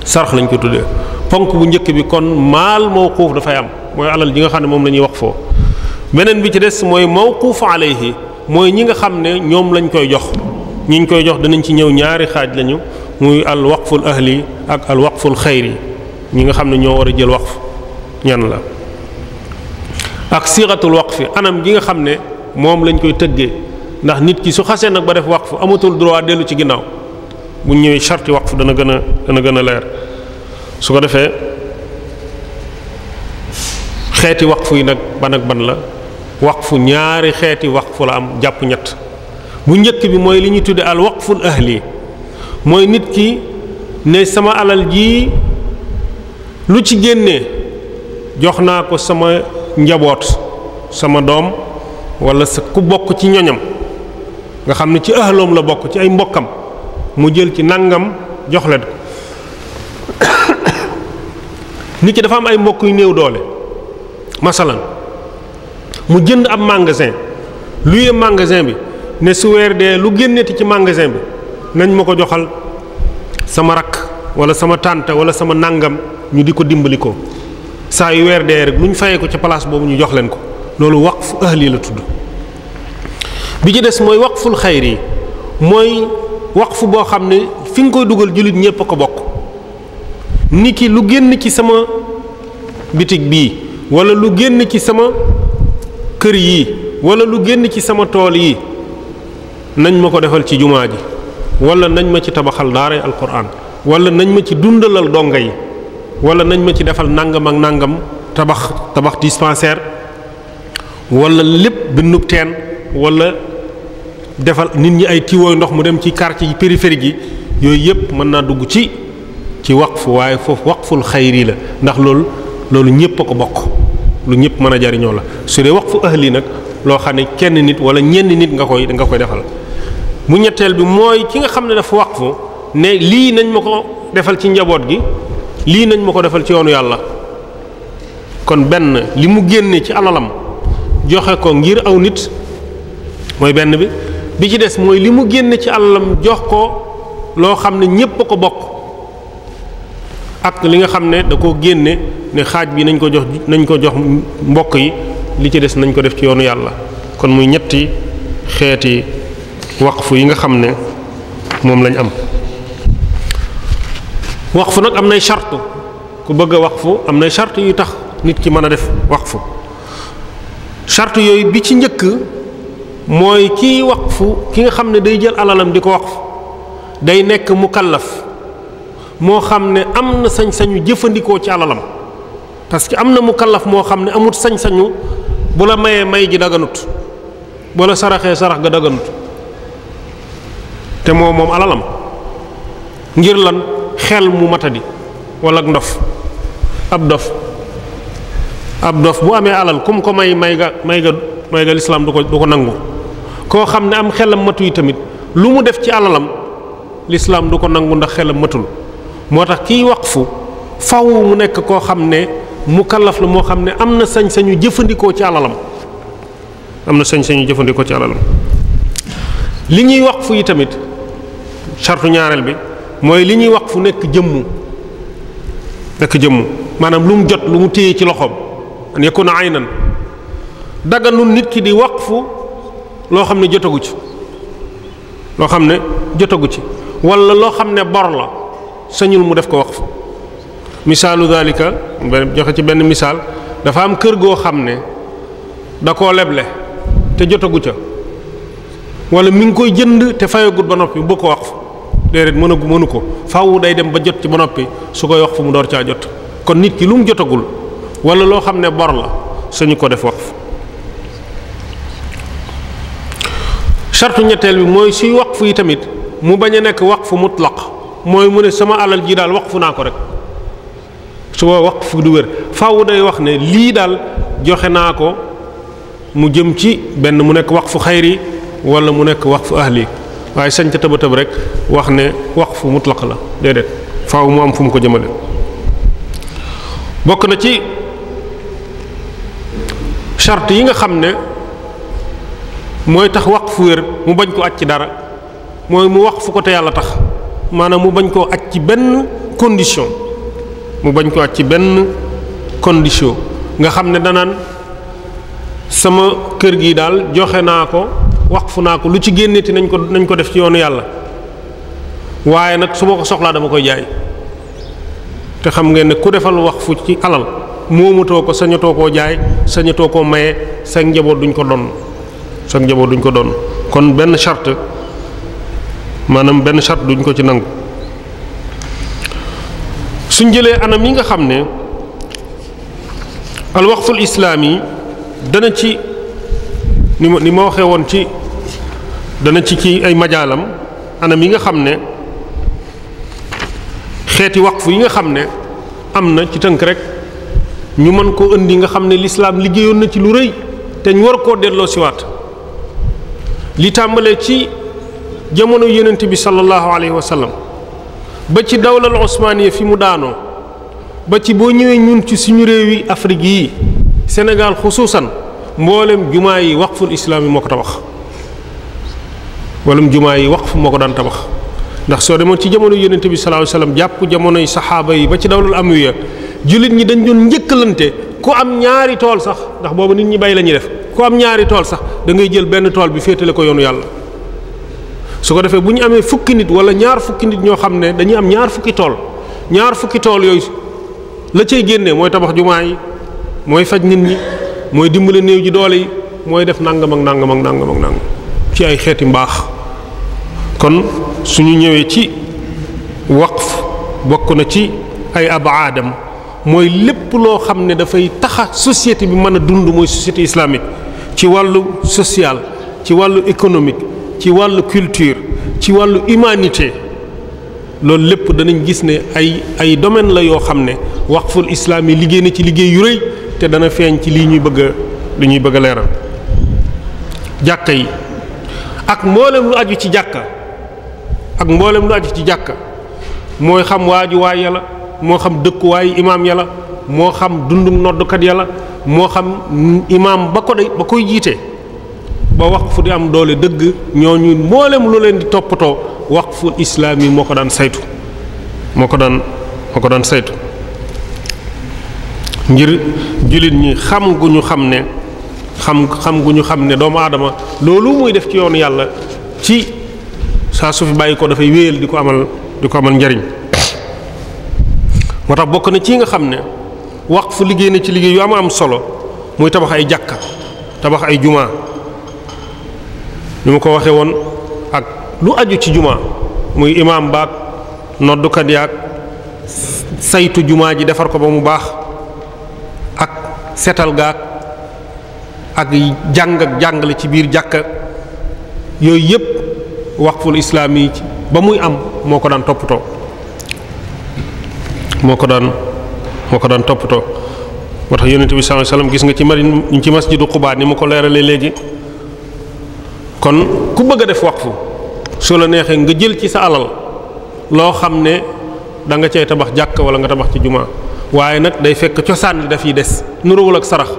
sarx lañ ko tuddee ponk bu njëkk bi kon maal mawquuf dafay am mooy alal ji nga xam ne moom la ñuy wax foo beneen bi ci des mooy mawquuf alayhi mooy ñi nga xam ne ñoom lañ koy jox ñu ñu koy jox danañ ci ñëw ñaari xaaj lañu muy al waqful ahli ak al waqful xayri ñi nga xam ne ñoo war a jël waqf ñan la ak siixatul waqfi anam gi nga xam ne moom lañ koy tëggee ndax nit ki su xasee nag ba def waqf amatul droit dellu ci ginnaaw bu ñëwee wax fu dana gën a dana gën a leer su ko defee xeeti waqf yi nag ban ak ban la wax fu ñaari xeeti waqfu la am jàpp ñett bu njëkk bi mooy li ñuy tuddee al waqful ahli mooy nit ki ne sama alal ji lu ci génne jox naa ko sama njaboot sama doom wala sa ku bokk ci ñoñam nga xam ni ci ahloom la bokk ci ay mbokkam mu jël ci nangam jox la ko nit ki dafa am ay mbokk yu néew doole masalan mu jënd ab magasin luye magasin bi ne su weer dee lu génneti ci magasin bi nañ ma ko joxal sama rakk wala sama tànt wala sama nangam ñu di ko dimbali ko saa yu weer dee rek lu ñu fayee ko ci place boobu ñu jox leen ko loolu waqfu ahli la tudd bi ci des mooy waqful xayri mooy wax fu boo xam ne fi nga koy dugal jullit ñépp a ko bokk ni ki lu génn ci sama bitig bii walla lu génn ci sama kër yi wala lu génn ci sama tool yi nañ ma ko defal ci jumaa ji wala nañ ma ci tabaxal daaray alquran wala nañ ma ci dundalal donga yi wala nañ ma ci defal nangam ak nangam tabax tabax dispensaire wala lépp bindub teen wala defal nit ñi ay tiwooy ndox mu dem ci quartier yi périphérique yi yooyu yëpp mën naa dugg ci ci waqf waaye foofu waqful xayri la ndax loolu loolu ñëpp a ko bokk lu ñëpp mën a jariñoo la su dee waqfu ahli nag loo xam ne kenn nit wala ñenn nit nga koy nga koy defal mu ñetteel bi mooy ki nga xam ne dafa waqfu ne lii nañ ma ko defal ci njaboot gi lii nañ ma ko defal ci yoonu yàlla kon benn li mu génne ci alalam joxe ko ngir aw nit mooy benn bi bi ci des mooy li mu génn ci alalam jox ko loo xam ne ñépp a ko bokk ak li nga xam ne da ko génne ne xaaj bi nañ ko jox nañ ko jox mbokk yi li ci des nañ ko def ci yoonu yàlla kon muy ñetti xeeti waqfu yi nga xam ne moom lañ am waqfu nag am nay chart ku bëgg a fu am nay chart yu tax nit ki mën a def waqfu chart yooyu bi ci njëkk mooy kiy fu ki nga xam ne day jël alalam di ko waqfu day nekk mukallaf moo xam ne am sañ-sañu jëfandikoo ci alalam parce que am na mukallaf moo xam ne amut sañ-sañu bu la mayee may ji daganut bu la saraxee sarax ga daganut te moo moom alalam ngir lan xel mu matadi wala ak ndof ab dof ab dof bu amee alal kum ko may may ga may ga mooy ne lislaam du ko du ko nangu koo xam ne am xelam matu yi tamit lu mu def ci alalam lislaam du ko nangu ndax xelam matul moo tax kiy fu faw mu nekk koo xam ne mu kallaf la moo xam ne am na sañ-sañu jëfandikoo ci alalam am na sañ-sañu jëfandikoo ci alalam li ñuy waqfu yi tamit sartu ñaareel bi mooy li ñuy wax fu nekk jëmmu nekk jëmmu maanaam lu mu jot lu mu téye ci loxoom an yakuna aynan dagganul nit ki di wax fu loo xam ne jotagu ci loo xam ne jotagu ci wala loo xam ne bor la sañul mu def ko wax waqfu misaalu daalika joxe ci benn misaal dafa am kër goo xam ne da koo leble te jotagu ca wala mu ngi koy jënd te fayagut ba noppi bu ko waqfu déedéet mënu ko faaw day dem ba jot ci ba noppi su koy wax fu mu door caa jot kon nit ki lu mu jotagul wala loo xam ne bor la sañu ko def waqfu sartu ñetteel bi mooy suy waqf yi tamit mu bañ a nekk wax waqf mutlaq mooy mu ne sama alal ji daal wax fu naa ko rek su wax fu du wér faaw day wax ne lii daal joxe naa ko mu jëm ci benn mu nekk waqfu xayri wala mu nekk waqfu ahli waaye sañ ca tëba tëb rek wax ne wax waqfu mutlaq la déedéet faaw mu am fu mu ko jëmale bokk na ci charte yi nga xam ne mooy tax wax fu wér mu bañ ko aj ci dara mooy mu wax fu ko te yàlla tax maanaam mu bañ koo aj ci benn condition mu bañ ko aj ci benn condition nga xam ne danaan sama kër gi daal joxe naa ko waqfu naa ko lu ci génneti nañ ko nañ ko def ci yoonu yàlla waaye nag su ma ko soxlaa dama koy jaay te xam nga ne ku defal wax waqfu ci alal moomatoo ko sañatoo koo jaay sañatoo koo maye sa njaboot duñ ko donn sa njaboot duñ ko doon kon benn charte maanaam benn charte duñ ko ci nangu suñ jëlee anam yi nga xam ne alwaqful islaam yi dana ci ni ma ni ma waxee woon ci dana ci ci ay majaalam anam yi nga xam ne xeeti waqf yi nga xam ne am na ci tënk rek ñu mën koo indi nga xam ne lislaam liggéeyoon na ci lu rëy te ñu war koo delloo siwaat li tàmbalee ci jamono yonent bi sallallahu alayhi wa sallam ba ci dawlal osmaniya fi mu daanoo ba ci boo ñëwee ñun ci suñu réew yi Afrique yi Sénégal xusuusan mboolem jumaa yi waqful islaam yi moo ko tabax mboolem jumaa yi waqf moo ko daan tabax ndax soo demoon ci jamono yonent bi sallallahu alayhi wa sallam jàpp jamonoy saxaaba yi ba ci dawlal amwiya jullit ñi dañ doon njëkkalante ku am ñaari tool sax ndax boobu nit ñi bay la ñuy def ku am ñaari tool sax da ngay jël benn tool bi féetale ko yoonu yàlla su ko defee bu ñu amee fukki nit wala ñaar fukki nit ñoo xam ne dañuy am ñaar fukki tool ñaar fukki tool yooyu la cay génne mooy tabax jumaa yi mooy faj nit ñi mooy dimbale néew ji doole yi mooy def nangam ak nangam ak nangam ak nangam ci ay xeeti mbaax kon suñu ñëwee ci waqf bokk na ci ay abaadam mooy lépp loo xam ne dafay taxa société bi mën a dund mooy société islamique ci wàllu social ci wàllu économique ci wàllu culture ci wàllu humanité loolu lépp danañ gis ne ay ay domaine la yoo xam ne waqful islaam yi liggéey na ci liggéey yu rëy te dana feeñ ci lii ñuy bëgg a li ñuy bëgg leeral jàkka yi ak mboolem lu aju ci jàkka ak mboolem lu aju ci jàkka mooy xam waaju waay yàlla moo xam dëkkuwaayu imaam ya moo xam dundu noddukat yalla moo xam imaam ba ko de ba koy jiite ba waqfu di am doole dëgg ñooñu mboolem lu leen di toppatoo wax waqfu islaam yi moo ko daan saytu moo ko daan moo ko daan saytu ngir jullit ñi xam gu ñu xam ne xam xam gu ñu xam ne doomu aadama loolu muy def ci yoonu yàlla ci saa su fi bàyyi ko dafay wéyal di ko amal di ko amal njariñ moo tax bokk na ci nga xam ne waqf liggéey na ci liggéey yu am am solo muy tabax ay jàkka tabax ay jumaa ni ma ko waxee woon ak lu aju ci jumaa muy imaam baag noddukat yaag saytu jumaa ji defar ko ba mu baax ak setal gaag ak jàng jàngale ci biir jàkka yooyu yépp waqful islaam yi ba muy am moo ko daan toppatoo moo ko daan moo ko daan toppatoo moo tax yonent bi sallallahu alayhi wasallam gis nga ci mari ci masjidu Quba ni mu ko leeralee léegi ku bëgg def waqfu soo la neexee nga jël ci sa alal loo xam ne danga cee tabax jàkk wala nga tabax ci jumaa waaye nag day fekk cosaan li daf yi des nuruwul ak sarax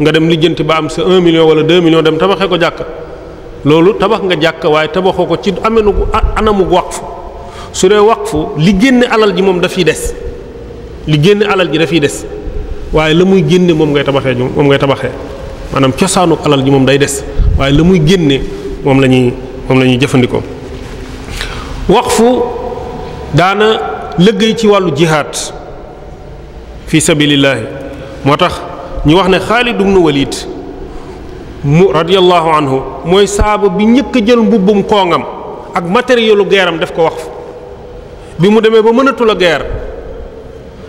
nga dem lijjanti ba am sa million wala 2 million dem tabaxee ko jàkk loolu tabax nga jàkk waaye tabaxoo ko ci amenu anamu waqfu su dee waqfu li génn alal ji moom dafay des li génn alal ji dafiy des waaye la muy génne moom ngay tabaxee moom ngay tabaxee maanaam cosaanu alal ji moom day des waaye la muy génne moom la moom lañuy ñuy jëfandikoo waqfu daana liggéey ci wàllu jihaad fi sabilillahi moo tax ñu wax ne Xaalid ibn Walid mu radiyallahu anhu mooy saaba bi ñëkk a jël mbubbum koongam ak matérielu geeram daf ko waxfu bi mu demee ba mënatul a guerre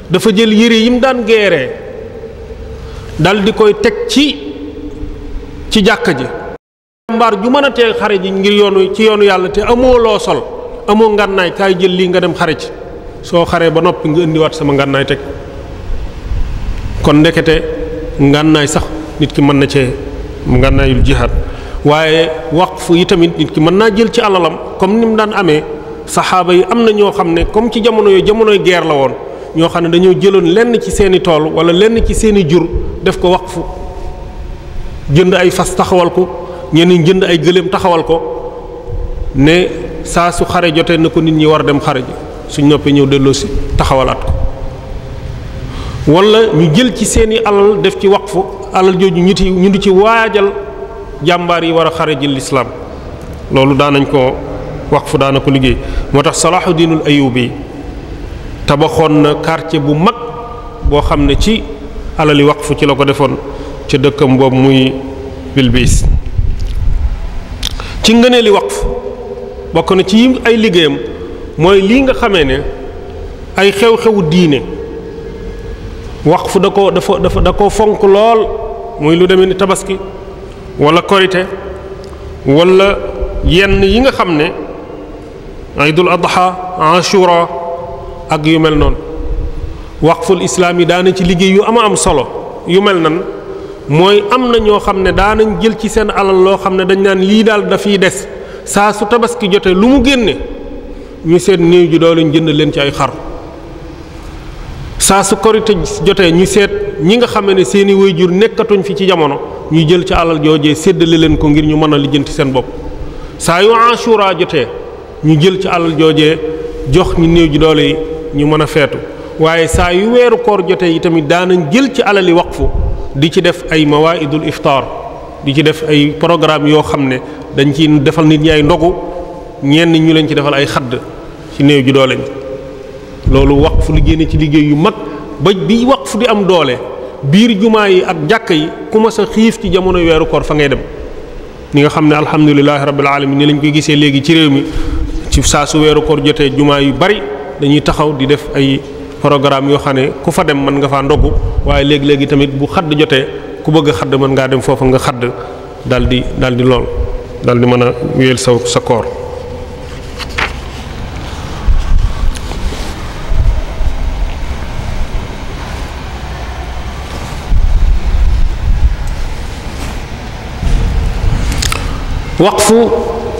dafa jël yére yi mu daan guerre dal di koy teg ci ci jàkka ji mbaar ju mën a tee xare ji ngir yoonu ci yoonu yàlla te amoo loo sol amoo ngànnaay kaay jël lii nga dem xare ci soo xaree ba noppi nga indiwaat sama ngànnaay teg kon ndekete ngànnaay sax nit ki mën na cee ngànnaayul jihaad waaye waqfu yi tamit nit ki mën naa jël ci alalam comme ni mu daan amee saxaaba yi am na ñoo xam ne comme ci jamono yooyu jamonoy geer la woon ñoo xam ne dañoo jëloon lenn ci seeni tool wala lenn ci seeni jur def ko waqfu jënd ay fas taxawal ko ñenn jënd ay gëléem taxawal ko ne saa su xare jotee na ko nit ñi war dem xare ji suñ noppee ñëw delloo si taxawalaat ko wala ñu jël ci seeni alal def ci waqfu alal jooju ñu ci ñu di ci waajal jàmbaar yi war a xare ji lislaam loolu daanañ ko waqfu daana ko liggéey moo tax Salahuddinul Ayyubi tabaxoon na quartier bu mag boo xam ne ci alali fu ci la ko defoon ca dëkkam boobu muy Bilbis ci ngëneeli fu bokk na ci ay liggéeyam mooy lii nga xamee ne ay xew-xewu diine waqfu da ko dafa dafa da ko fonk lool muy lu deme ni tabaski walla korite wala yenn yi nga xam ne Aydul Adha Ashura ak yu mel noonu waqful islaam yi daana ci liggéey yu ama am solo yu mel nan mooy am na ñoo xam ne daanañ jël ci seen alal loo xam ne dañ naan lii daal dafiy des saa su tabaski jotee lu mu génne ñu seen néew ji doole ñu jënd leen ci ay xar saa su korite jotee ñu seet ñi nga xam ne seeni waajur nekkatuñ fi ci jamono ñu jël ci alal joojee séddale leen ko ngir ñu mën a lijjanti seen bopp saa yu Ashura jotee. ñu jël ci alal jooje jox ñu néew ji doole yi ñu mën a feetu waaye saa yu weeru koor jotee yi tamit daanañ jël ci alali waqfu di ci def ay mawaidul iftaar di ci def ay programme yoo xam ne dañ ci defal nit ñi ay ndogu ñenn ñu leen ci defal ay xadd ci néew ji doole ñi loolu waqfu liggéey na ci liggéey yu mag ba bi waqfu di am doole biir jumaa yi ak jàkka yi ku ma sa xiif ci jamono weeru koor fa ngay dem ni nga xam ne alhamdulilahi rabbil alamin ni lañ koy gisee léegi ci réew mi ci saa su weeru koor jotee jumaa yu bari dañuy taxaw di def ay programme yoo xam ne ku fa dem mën nga faa ndogu waaye léegi léegi tamit bu xadd jotee ku bëgg a xadd mën ngaa dem foofa nga xadd daal di daal di lool daal di mën a wéyal sa sa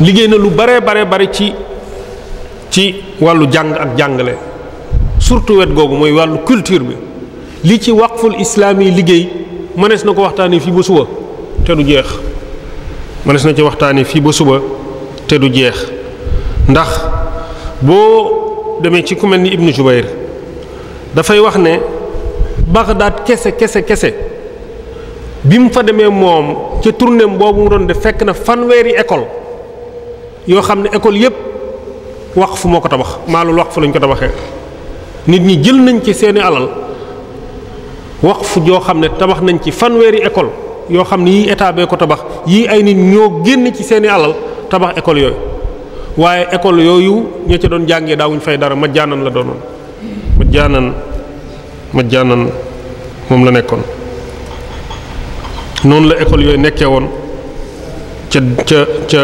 liggéey na lu bare bare bari ci. ci wàllu jàng ak jàngale surtout wet googu mooy wàllu culture bi li ci islaam yi liggéey mënees na ko waxtaanee fii ba suba te du jeex mënees na ci waxtaanee fii ba suba te du jeex ndax boo demee ci ku mel ni Ibnu Jubayr dafay wax ne Bagdad kese kese kese bi mu fa demee moom ca tournéem boobu mu doon def fekk na fanweeri école yoo xam ne école yépp wax waqf moo ko tabax maalul fu lañ ko tabaxee nit ñi jël nañ ci seeni alal wax waqf joo xam ne tabax nañ ci fanweeri école yoo xam ne yii état bee ko tabax yii ay nit ñoo génn ci seeni alal tabax école yooyu waaye école yooyu ña ca doon jàngee daawuñ fay dara ma jaanan la doonoon ma jaanan ma jaanan moom la nekkoon noonu la école yooyu nekkee woon ca ca ca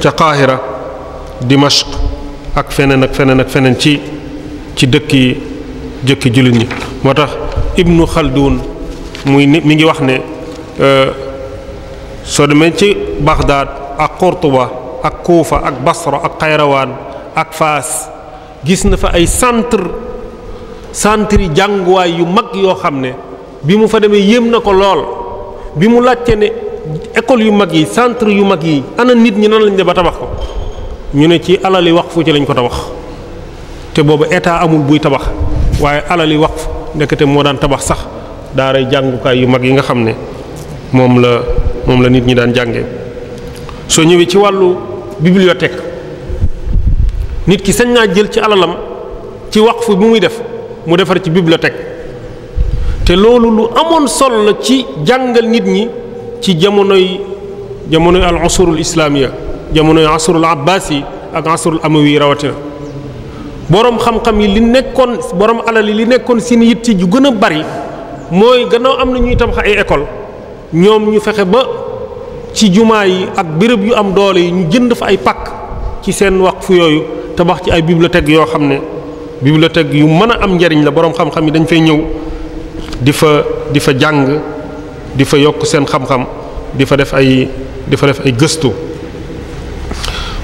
ca Qahira Dimashq ak feneen ak feneen ak feneen ci ci dëkk yi jëkki jullit ñi moo tax ibnu xaldun muy mi ngi wax ne euh, soo demee ci baxdaad ak xurtuba ak kuufa ak basra ak xayrawaan ak faas gis na fa ay centre centre yi jànguwaay yu mag yoo xam ne bi mu fa demee yéem na ko lool bi mu laajte ne école yu mag yi centre yu mag yi ana nit ñi nan lañ de ba tabax ko ñu ne ci alali waqfu ci lañ ko tabax te boobu état amul buy tabax waaye alali waqf ndekete moo daan tabax sax daaray jàngukaay yu mag yi nga xam ne moom la moom la nit ñi daan jànge soo ñëwee ci wàllu bibliothèque nit ki sañ naa jël ci alalam ci waxfu bi muy def mu defar ci bibliothèque te loolu lu amoon sol la ci jàngal nit ñi ci jamonoy jamonoy al usurul islamiya jamonoy asrul abbas yi ak asrul amawi rawatina borom xam-xam yi li nekkoon borom alal yi li nekkoon seen yitt ju gën a bari mooy gannaaw am na ñuy tabax ay école ñoom ñu fexe ba ci jumaa yi ak béréb yu am doole yi ñu jënd fa ay pàkk ci seen waqf yooyu tabax ci ay bibliothèque yoo xam ne bibliothèque yu mën a am njariñ la borom xam-xam yi dañ fay ñëw di fa di fa jàng di fa yokk seen xam-xam di fa def ay di fa def ay gëstu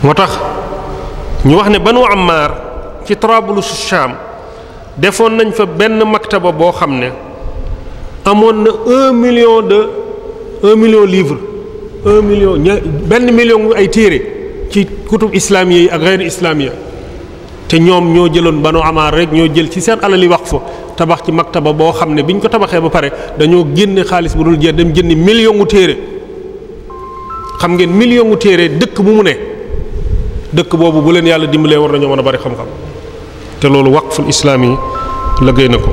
moo tax ñu wax ne banu Ammaar ci Trablus Sham defoon nañ fa benn maktaba boo xam ne amoon na un million de million livre un million ña benn million ay téere ci kutub islam yi ak gayru islaamiya te ñoom ñoo jëloon banu amaar rek ñoo jël ci seen alali wax fa tabax ci maktaba boo xam ne bi ñu ko tabaxee ba pare dañoo génne xaalis bu dul jeex dem jëndi million wu téere xam ngeen million wu téere dëkk bu mu ne dëkk boobu bu leen yàlla dimbalee war nañoo mën a bari xam-xam te loolu waqful islaam yi liggéey na ko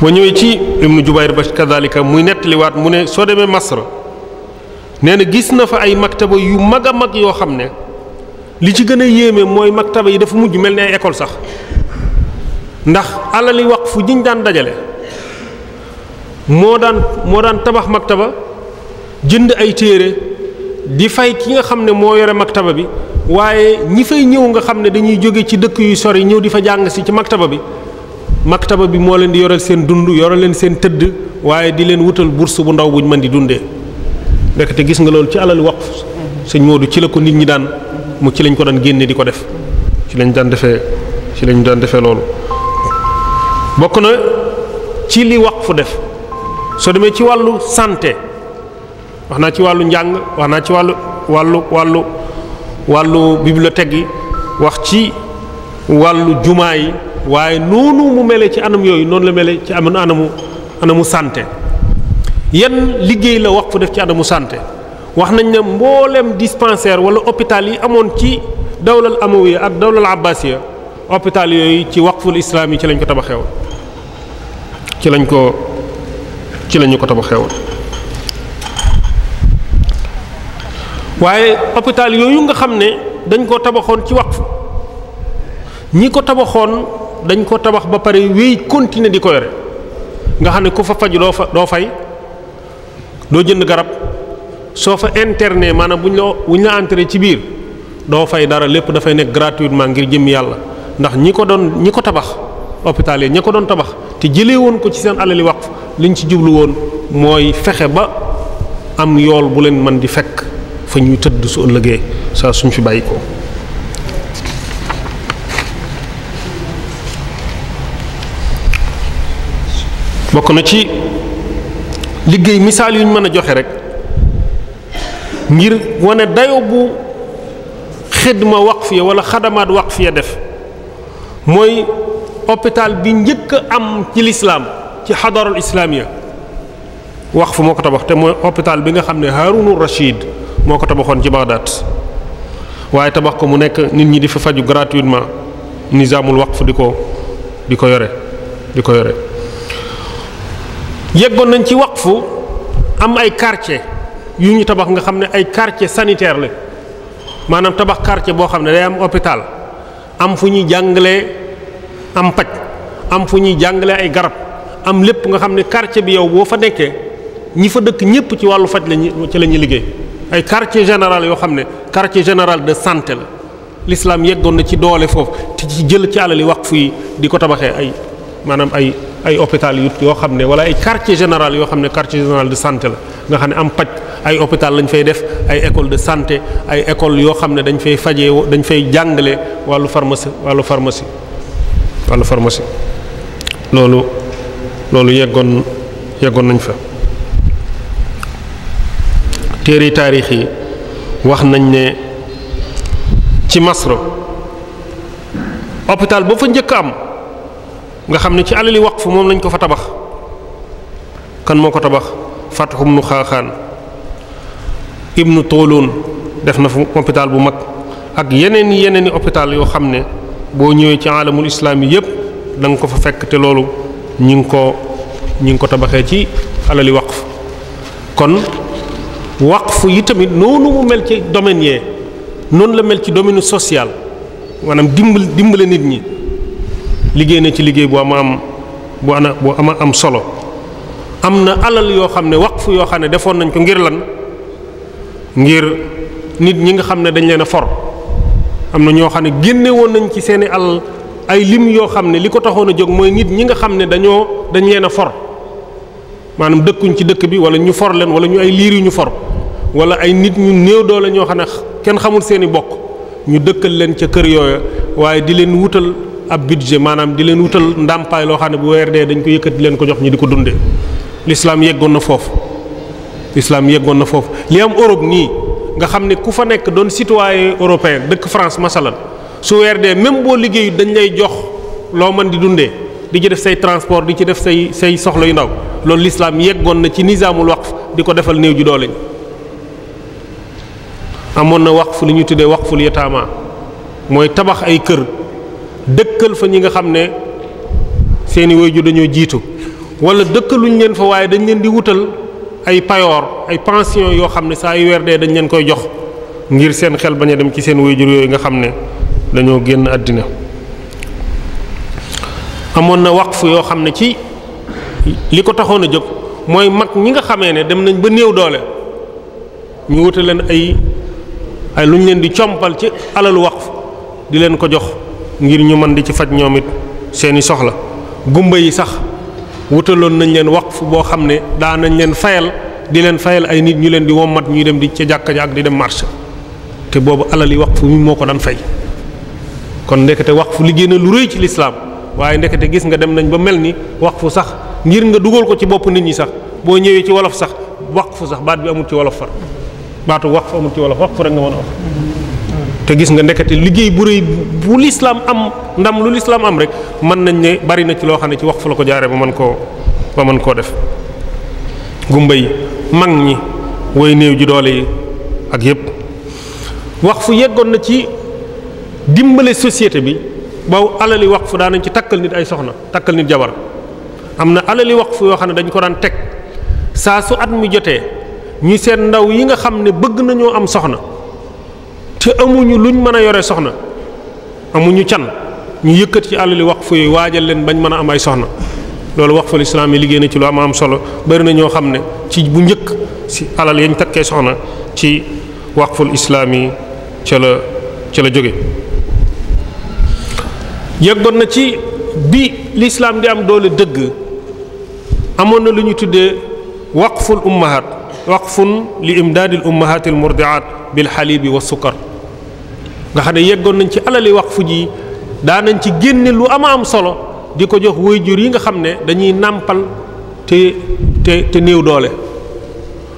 ba ñëwee ci ibnu Jubayr ba kadalika muy nettaliwaat mu ne soo demee Masra nee na gis na fa ay maktaba yu mag a mag yoo xam ne li ci gën a yéeme mooy maktaba yi dafa mujj mel ni ay école sax ndax alali waqfu jiñ daan dajale moo daan moo daan tabax maktaba jënd ay téere di fay ki nga xam ne moo yore maktaba bi waaye ñi fay ñëw nga xam ne dañuy jóge ci dëkk yu sori ñëw di fa jàng si ci maktaba bi maktaba bi moo leen di yoral seen dund yoral leen seen tëdd waaye di leen wutal bourse bu ndaw buñ mën di dundee ndekete gis nga loolu ci alal waqf sëñ Modou ci la ko nit ñi daan mu ci lañ ko daan génne di ko def ci lañ daan defee ci lañ daan defee loolu bokk na ci li fu def soo demee ci wàllu sante wax naa ci wàllu njàng wax naa ci wàllu wàllu wàllu wàllu bibliothèque yi wax ci wàllu jumaa yi waaye noonu mu mele ci anam yooyu noonu la mele ci am anamu anamu santé yan liggéey la wax waqf def ci anamu sante wax nañ ne mboolem dispensaire wala hôpital yi amoon ci dawlal amawiya ak dawlal abbasiya hôpital yooyu ci waqful islam yi ci lañ ko xew ci lañ ko ci lañu ko tabaxewoon waaye hôpital yooyu nga xam ne dañ ko tabaxoon ci waqf ñi ko tabaxoon dañ ko tabax ba pare wéy continuer di ko yore nga xam ne ku fa faju doo fa doo fay doo jënd garab soo fa interné maanaam bu ñu la bu ñu ci biir doo fay dara lépp dafay nekk maa ngir jëm yàlla ndax ñi ko doon ñi ko tabax hôpital yi ñi ko doon tabax te jëlee woon ko ci seen alali waqf liñ ci jublu woon mooy fexe ba am yool bu leen mën di fekk fa tëdd su ëllëgee saa suñ fi bàyyi bokk na ci liggéey misaal yuñ mën a joxe rek ngir wane dayo bu xidma waqfiya wala xadamaat waqfiya def mooy hôpital bi njëkk am ci lislaam ci xadarul islaamiya waqf moo ko tabax te mooy hôpital bi nga xam ne Haarunu Rashid moo ko tabaxoon ci Bagdad waaye tabax ko mu nekk nit ñi di fa faju gratuitement nizaamul waqf di ko di ko yore di ko yore yeggoon nañ ci wax fu am ay quartier yu ñu tabax nga xam ne ay quartier sanitaire la maanaam tabax quartier boo xam ne day am hôpital am fu ñuy jàngalee am paj am fu ñuy jàngalee ay garab am lépp nga xam ne quartier bi yow boo fa nekkee ñi fa dëkk ñépp ci wàllu faj lañu ci la ñuy liggéey ay quartier général yoo xam ne quartier général de santé la lislaam yeggoon na ci doole foofu te ci jël ci alali wax yi di ko tabaxee ay maanaam ay ay hôpital yu yoo xam ne wala ay quartier général yoo xam ne quartier général de santé la nga xam ne am paj ay hôpital lañ fay def ay école de santé ay école yoo xam ne dañ fay fajee dañ fay jàngale wàllu pharmacie wàllu pharmacie wàllu pharmacie loolu loolu yeggoon yeggoon nañ fa téere taarix yi wax nañ ne ci Masr hôpital boo fa njëkk am nga xam ne ci alali waqf moom lañ ko fa tabax kan moo ko tabax Fathu ibnu Xaaxaan ibnu toloon def na fu hôpital bu mag ak yeneen i yeneen i hôpital yoo xam ne boo ñëwee ci alamul islaam yi yépp da nga ko fa fekk loolu ñi ngi ko ñi ngi ko tabaxee ci alali waqf kon wax fu yi tamit noonu mu mel ci domaine yee noonu la mel ci domaine social maanaam dimbal dimbale nit ñi liggéey na ci liggéey bu ama am bu ana bu am solo am na alal yoo xam ne waqf yoo xam ne defoon nañ ko ngir lan ngir nit ñi nga xam ne dañ leen a for am na ñoo xam ne génne woon nañ ci seeni alal ay lim yoo xam ne li ko taxoon a jóg mooy nit ñi nga xam ne dañoo dañ leen a for maanaam dëkkuñ ci dëkk bi wala ñu for leen wala ñu ay liir yu ñu for wala ay nit ñu néew doole ñoo xam ne kenn xamul seeni i bokk ñu dëkkal leen ca kër yooya waaye di leen wutal ab budget maanaam di leen wutal ndàmpaay loo xam ne bu weer dee dañ ko yëkkati leen ko jox ñu di ko dundee lislaam yeggoon na foofu lislaam yeggoon na foofu li am Europe nii nga xam ne ku fa nekk doon citoyen européen dëkk France masalan su weer dee même boo liggéeyu dañ lay jox loo mën di dundee di ci def say transport di ci def say say soxla yu ndaw loolu lislaam yeggoon na ci nizaamul waqf di ko defal néew ju doole amoon na waqf li ñuy tuddee waqful yataama mooy tabax ay kër dëkkal fa ñi nga xam ne seeni waajur dañoo jiitu wala dëkkaluñ leen fa waaye dañ leen di wutal ay payoor ay pension yoo xam ne saa yu weer dee dañ leen koy jox ngir seen xel bañ a dem ci seen waajur yooyu nga xam ne dañoo génn àddina amoon na waqf yoo xam ne ci li ko taxoon a jóg mooy mag ñi nga xamee ne dem nañ ba néew doole ñu wutal ay ay lu ñu leen di compal ci alalu waqf di leen ko jox ngir ñu mën di ci faj ñoom it seeni soxla gumba yi sax wutaloon nañ leen wax fu boo xam ne daa nañ leen fayal di leen fayal ay nit ñu leen di wommat ñuy dem di ca jàkka ja ak di dem marché te boobu alal yi wax fu moo ko daan fay kon ndekete waqf liggéey na lu rëy ci lislaam waaye ndekete gis nga dem nañ ba mel ni wax waqfu sax ngir nga dugal ko ci bopp nit ñi sax boo ñëwee ci wolof sax waqfu sax baat bi ci wolof far baatu waqf amul ci wolof waqf rek nga mën a te gis nga ndekete liggéey bu rëy bu lislaam am ndam lu lislaam am rek mën nañ ne bari na ci loo xam ne ci wax fu la ko jaare ba mën koo ba man koo def gumba yi mag ñi woy néew ji doole yi ak yépp fu yeggoon na ci dimbale société bi baw alali waqf daan nañ ci takkal nit ay soxna takkal nit jabar am na alali waqf yoo xam ne dañ ko daan teg saa su at mi jotee ñi seen ndaw yi nga xam ne bëgg nañoo am soxna te amuñu luñ mën a yore soxna amuñu can ñu yëkkat ci àll yi wax yooyu waajal leen bañ mën a am ay soxna loolu wax islaam yi liggéey na ci lu am am solo bari na ñoo xam ne ci bu njëkk si alal ñu takkee soxna ci waqful islaam yi ca la ca la jóge yeggoon na ci bi lislaam di am doole dëgg amoon na lu ñu tuddee waqful ummahat fun li imdaadil ummahaati almurdiaat bil xalibi wa sukkar nga xam ne yeggoon nañ ci alali fu ji daa nañ ci génne lu ama am solo di ko jox waajur yi nga xam ne dañuy nàmpal te te te néew doole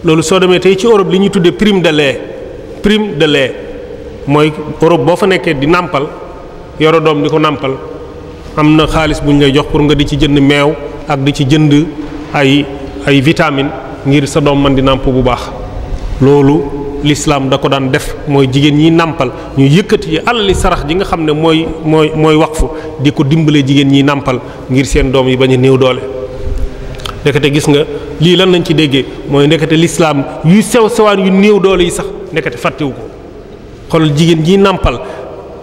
loolu soo demee tey ci Europe li ñuy tuddee prime de lait prime de lait mooy Europe boo fa nekkee di nàmpal yoro doom di ko nàmpal am na xaalis bu ñu lay jox pour nga di ci jënd meew ak di ci jënd ay ay vitamine ngir sa doom man di nàmp bu baax loolu lislaam da ko daan def mooy jigéen ñi nàmpal ñu yëkkati yi alali sarax ji nga xam ne mooy mooy mooy waqfu di ko dimbale jigéen ñi nàmpal ngir seen doom yi bañ a néew doole ndekete gis nga lii lan nañ ci déggee mooy ndekete lislaam yuy sew sewaan yu néew doole yi sax ndekete fàttewu ko xoolal jigéen ñi nàmpal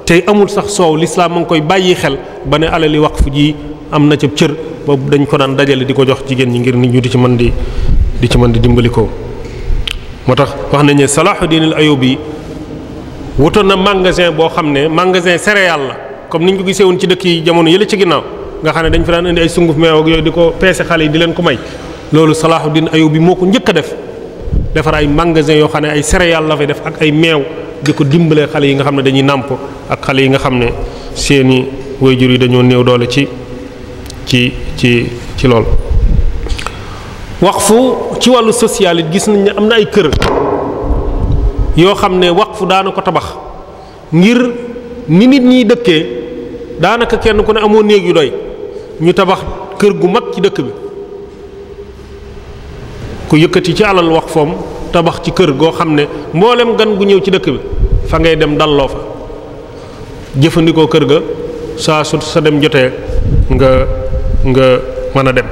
tey amul sax soow lislaam ma ngi koy bàyyi xel ba ne alali waqfu ji am na ca cër boobu dañ ko daan dajale di ko jox jigéen ñi ngir nit ñu di ci man di di ci mën di dimbalikoo moo tax wax nañu ne Salahuddin al Ayyubi wutoon na mangasin boo xam ne mangasin céréales la comme ni ñu ko gisee woon ci dëkk yi jamono yële ci ginnaaw nga xam ne dañ fi daan indi ay sunguf meew ak yooyu di ko peese xale yi di leen ko may loolu Salahuddin Ayyubi moo ko njëkk a def defar ay magasin yoo xam ne ay céréales la fay def ak ay meew di ko dimbalee xale yi nga xam ne dañuy nàmp ak xale yi nga xam ne seeni waajur yi dañoo néew doole ci ci ci ci loolu. wax fu ci wàllu social gis nañ ne am na ay kër yoo xam ne waqfu daana ko tabax ngir ni nit ñiy dëkkee daanaka kenn ku ne amoon néeg yu doy ñu tabax kër gu mag ci dëkk bi ku yëkkati ci alal foom tabax ci kër goo xam ne mboolem gan gu ñëw ci dëkk bi fa ngay dem dalloo fa jëfandikoo kër ga saa su sa dem jotee nga nga mën a dem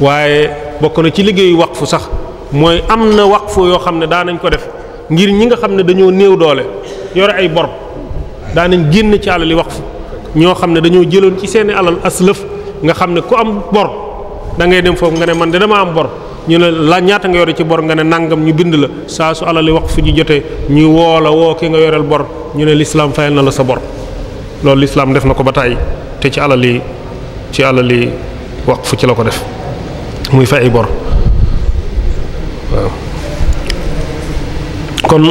waaye bokk na ci liggéeyu wax fu sax mooy am na wax waqfu yoo xam ne nañ ko def ngir ñi nga xam ne dañoo néew doole yore ay bor nañ génn ci alali waqfu ñoo xam ne dañoo jëloon ci seeni alal aslëf nga xam ne ku am bor da ngay dem foofu nga ne man de dama am bor ñu ne la ñaata nga yore ci bor nga ne nangam ñu bind la saa su alali waqfu ji jotee ñu woo la woo ki nga yoreel bor ñu ne lislaam fayal na la sa bor loolu lislaam def na ko ba tàyyi te ci alali ci alali waqfu ci la ko def muy fay ay bor waaw kon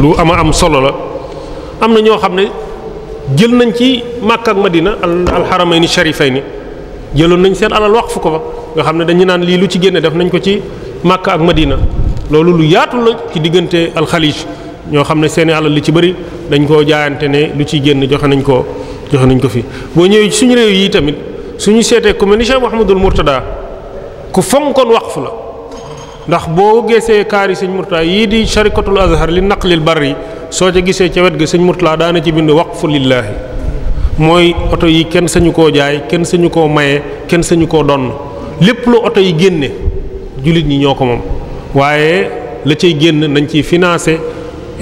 lu ama am solo la am na ñoo xam ne jël nañ ci Makka ak Madina alxaramayni ni jëloon nañ seen alal waqf ko fa nga xam ne dañu naan lii lu ci génne def nañ ko ci màkk ak Madina loolu lu yaatu la ci diggante alxalij ñoo xam ne seeni alal li ci bari dañ koo jaayante ne lu ci génn joxe nañ ko joxe nañ ko fi boo ñëwee suñu réew yi tamit suñu seetee ku mel ni Cheikh ku fonkoon waqf la ndax boo gisee kaar yi sëñ Murtala yii di sharikatul azhar li naq naqlil bari soo ca gisee ca wet ga sëñ Murtala daana ci bind waqfu lillaahi mooy oto yi kenn sañu koo jaay kenn sañu koo maye kenn sañu koo donn lépp lu oto yi génne jullit ñi ñoo ko moom waaye la cay génn nañ ciy financé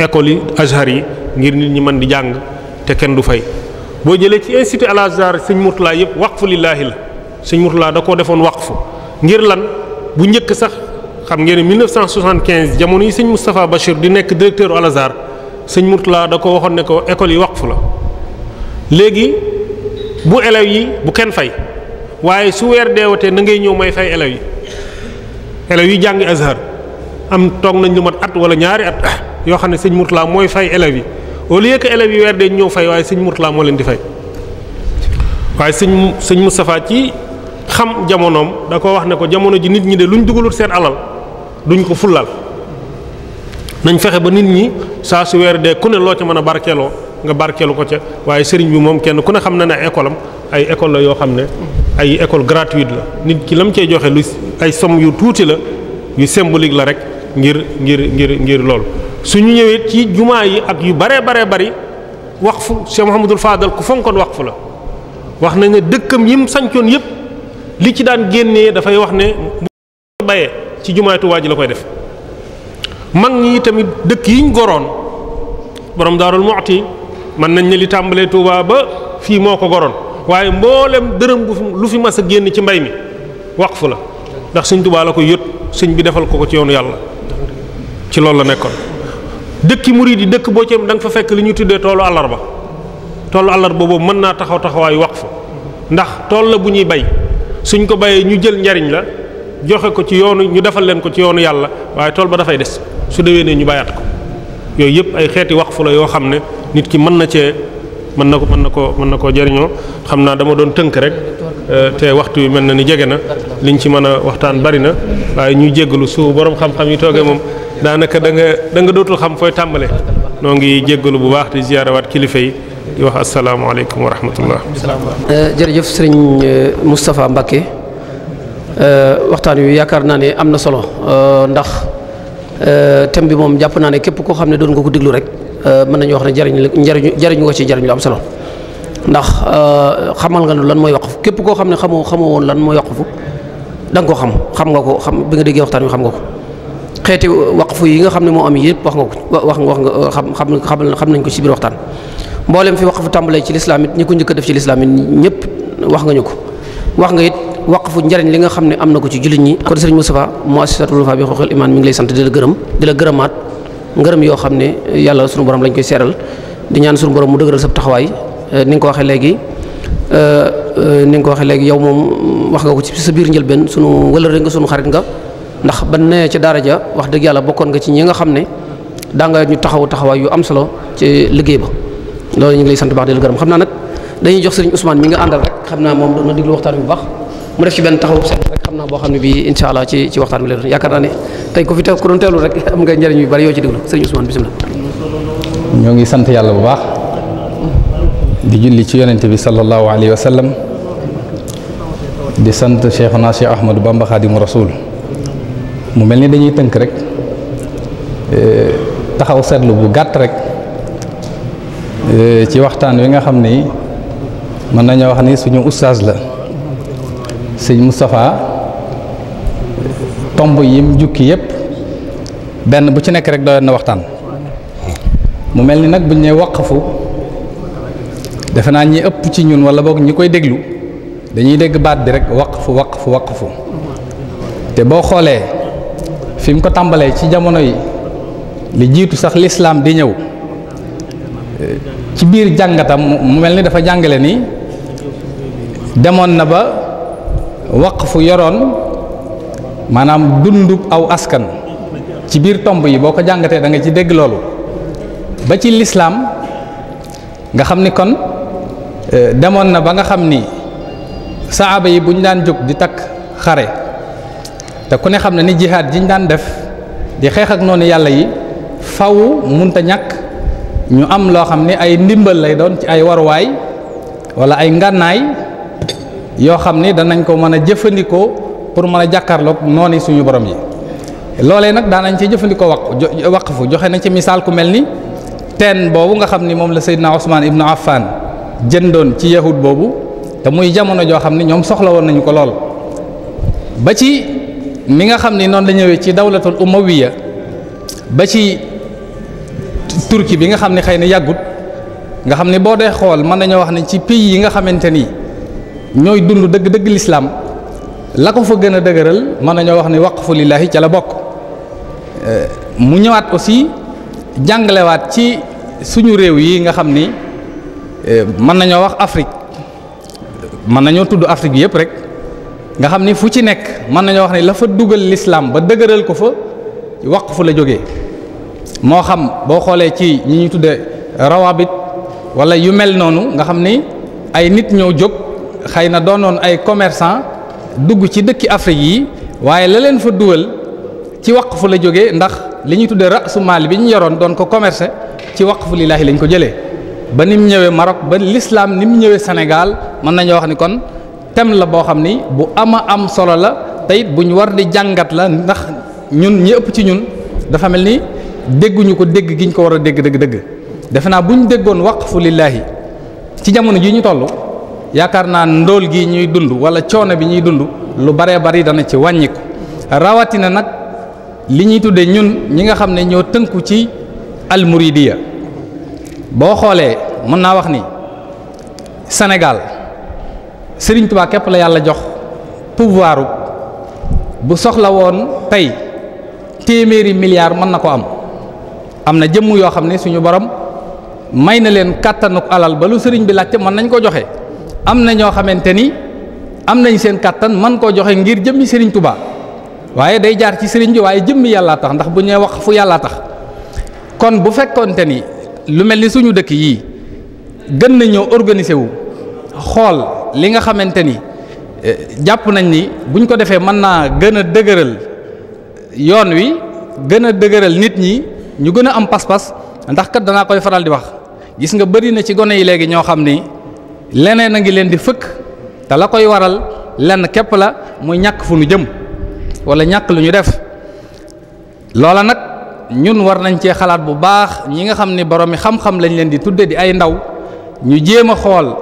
école yi azhar yi ngir nit ñi mën di jàng te kenn du fay boo jëlee ci institut al azhar sëñ Murtala yëpp waqfu lillaahi la sëñ Murtala da koo defoon waqfu ngir lan bu njëkk sax xam ngeen ne 1975 jamono yi sëñ Moustapha Bachir di nekk directeur Al Azhar sëñ Mourtala da ko waxoon ne ko école yi waqf la léegi bu élèves yi bu kenn fay waaye su weer deewatee na ngay ñëw may fay élèves yi élèves yi jàngi Azhar am toog nañ lu mat at wala ñaari at yoo xam ne sëñ Mourtala mooy fay élèves yi au lieu que élèves yi weer dee ñëw fay waaye sëñ Mourtala moo leen di fay ci. xam jamonoom da ko wax ne ko jamono ji nit ñi de lu ñu dugalul seen alal duñ ko fullal nañ fexe ba nit ñi saa su weer dee ku ne loo ca mën a barkeeloo nga barkeelu ko ca waaye sëriñ bi moom kenn ku ne xam na ne école am ay école la yoo xam ne ay école gratuite la nit ki lam cey joxe lu ay somme yu tuuti la yu symbolique la rek ngir ngir ngir ngir loolu suñu ñëwee ci jumaa yi ak yu baree baree bari wax waqfu Cheikh Mouhamadul Fadal ku fonkoon fu la wax nañ ne dëkkam yim sancoon yépp li ci daan génnee dafay wax ne bu bayee ci jumaay waa ji la koy def mag ñi tamit dëkk yiñ goroon borom Daarul Muxti mën nañ ne li tàmbalee Tuubaa ba fii moo ko goroon waaye mboolem dërëm lu fi mas a génn ci mbay mi wax fu la ndax sëñ Tuubaa la koy yët sëñ bi defal ko ko ci yoonu yàlla ci loolu la nekkoon dëkki murid yi dëkk boo ci danga fa fekk li ñu tuddee toolu àllarba toolu àllarba boobu mën naa taxaw taxawaayu waqf ndax tool la bu ñuy bay suñ ko bayee ñu jël njariñ la joxe ko ci yoonu ñu defal leen ko ci yoonu yàlla waaye tool ba dafay des su dewee ne ñu bàyyaat ko yooyu yëpp ay xeeti waqfu la yoo xam ne nit ki mën na cee mën na ko mën na ko mën na koo jariñoo xam naa dama doon tënk rek euh, te waxtu wi mel na ni jege na liñ ci mën a waxtaan bari na waaye ñuy jéggalu su borom xam-xam yi toogee moom daanaka da nga da nga dootul xam fooy tàmbale noo ngi jéggalu bu baax di ziyaarawaat kilifa yi di wax asalaamaaleykum wa rahmatullah. Euh, jërëjëf sëriñ euh, Moustapha Mbacke euh, waxtaan wi yaakaar naa ne am na solo ndax thème bi moom jàpp naa ne képp koo xam ne doon nga ko diglu rek mën nañu wax ne jariñ njariñu jariñu ko ci jariñ lu am solo ndax xamal nga nu lan mooy waqf képp koo xam ne xamoo xamoo woon lan mooy waqfu da nga ko xam xam nga ko xam bi nga déggee waxtaan wi xam nga ko. xeeti waqfu yi nga xam ne moo am yëpp wax nga ko wax nga wax nga xam xam xam nañ ko ci biir mboolem fi waqfu tàmbalee ci lislaam it ñi ko njëkk a def ci lislaam it ñëpp wax nga ñu ko wax nga it waqfu njariñ li nga xam ne am na ko ci jullit ñi kon sëriñ Moustapha muassasatul Wafa bi xooxel imaan mi ngi lay sant di la gërëm di la gërëmaat ngërëm yoo xam ne yàlla sunu borom lañ koy seeral di ñaan sunu borom mu dëgëral sa taxawaay eh, ni nga ko waxee léegi eh, eh, ni nga ko waxee léegi yow moom wax nga ko ci sa biir njëlbeen sunu wëlëre nga sunu xarit nga ndax ban nee ca daara ja wax dëgg yàlla bokkoon nga ci ñi nga xam ne daa ñu taxaw taxawaay yu am solo ci liggéey ba loolu ñu ngi sant baax di xam naa nag dañuy jox sëriñ Ousmane nga àndal xam naa moom doon na waxtaan bu baax mu def xam naa boo xam ne bii incha allah ci ci waxtaan bi la doon yaakaar ku fi teew ku doon teewlu am nga njëriñ yu bari yoo ci diglu sëriñ Ousmane bisimilah. ngi sant yàlla bu baax di julli ci yonente bi sallallahu alayhi wa sallam di sant Cheikhuna Cheikh Ahmadou Bamba Khadimu Rasul mu mel ni dañuy tënk rek eh, taxaw seetlu bu gàtt rek. Euh, ci waxtaan wi nga xam ni mën nañoo wax ni suñu ustaas la sëñ Moustapha tomb yim jukki yépp benn bu ci nekk rek doyoon na waxtaan mu mel ni nag bu ñu nee waqfu defe naa ñi ëpp ci ñun wala boog ñi koy déglu dañuy dégg baat bi rek waqfu waqfu waqfu te boo xoolee fim ko tàmbalee ci jamono yi li jiitu sax lislaam di ñëw ci biir jàngata mu mel ni dafa jàngale ni demoon na ba fu yoroon maanaam dundub aw askan ci biir tomb yi boo ko jàngatee da nga ci dégg loolu ba ci lislaam nga xam ni kon e, demoon na ba nga xam ni saaba yi bu ñu daan jóg di takk xare te ku ne xam ne ni jihaad ji ñu daan def di xeex ak noonu yàlla yi faw munta ñàkk ñu am loo xam ne ay ndimbal lay doon ci ay waruwaay wala ay ngànnaay yoo xam ne danañ ko mën a jëfandikoo pour mën a jàkkaarloog noonu suñu borom yi loolee nag daanañ ci jëfandikoo waq fu joxe nañ ci misaal ku mel ni ten boobu nga xam ni moom la Seydina Ousmane Ibnu Affan jëndoon ci yahud boobu te muy jamono joo xam ne ñoom soxla woon nañu ko lool ba ci ni nga xam ni noonu la ñëwee ci dawlatul umawiya ba ci Turquie bi nga xam ne xëy na yàggut nga xam ne boo dee xool mën nañoo wax ne ci pays yi nga xamante ni ñooy dund dëgg dëgg lislaam la ko fa gën a dëgëral mën nañoo wax ni ne waqfu lillaahi ca la bokk euh, mu ñëwaat aussi jàngalewaat ci suñu réew yi nga xam ni euh, mën nañoo wax Afrique mën nañoo tudd Afrique bi yëpp rek nga xam ni fu ci nekk mën nañoo wax ne la fa dugal lislaam ba dëgëral ko fa fu la jóge moo xam boo xoolee ci ñi ñuy tudde rawabit wala yu mel noonu nga xam ni ay nit ñoo jóg xëy na doonoon ay commerçant dugg ci dëkki Afrique yi waaye la leen fa duwal ci fu la jóge ndax li ñuy tudde rasu maal bi ñu yoroon doon ko commercer ci fu lillaahi lañ ko jëlee ba ni mu ñëwee Maroc ba lislaam ni mu ñëwee Sénégal mën nañoo wax ni kon tem la boo xam ni bu ama am solo la te it bu ñu war di jàngat la ndax ñun ñi ëpp ci ñun dafa mel ni dégguñu ko dégg giñ ko war a dégg dëgg dëgg defe naa bu ñu déggoon waqfu lillaahi ci jamono ji ñu toll yaakaar naa ndool gi ñuy dund wala coono bi ñuy dund lu baree bari dana ci wàññiku rawatina nag li ñuy tuddee ñun ñi nga xam ne ñoo tënku ci almuridiya boo xoolee mën naa wax ni senegal Sëriñ Tuubaa képp la yàlla jox pouvoir bu soxla woon tey téeméeri milliards mën na ko am am na jëmm yoo xam ne suñu borom may na leen kàttanuk alal ba lu sëriñ bi laajte mën nañ koo joxe am na ñoo xamante ni am nañ seen kàttan mën koo joxe ngir jëmmi sëriñ Tuubaa waaye day jaar ci sëriñ bi waaye jëmmi yàllaa tax ndax bu ñee wax fu yàllaa tax kon bu fekkonte ni lu mel ni suñu dëkk yii gën nañoo organiser wu xool li nga xamante ni eh, jàpp nañ ni buñ ko defee mën naa gën a dëgëral yoon wi gën a dëgëral nit ñi ñu gën a am pas-pas ndax kat danaa koy faral di wax gis nga bari na ci gone yi léegi ñoo xam ni leneen a ngi leen di fëkk te la koy waral lenn képp la muy ñàkk fu nu jëm wala ñàkk lu ñu def loola nag ñun war nañ cee xalaat bu baax ñi nga xam ni boroomi xam-xam lañ leen di tudde di ay ndaw ñu jéem a xool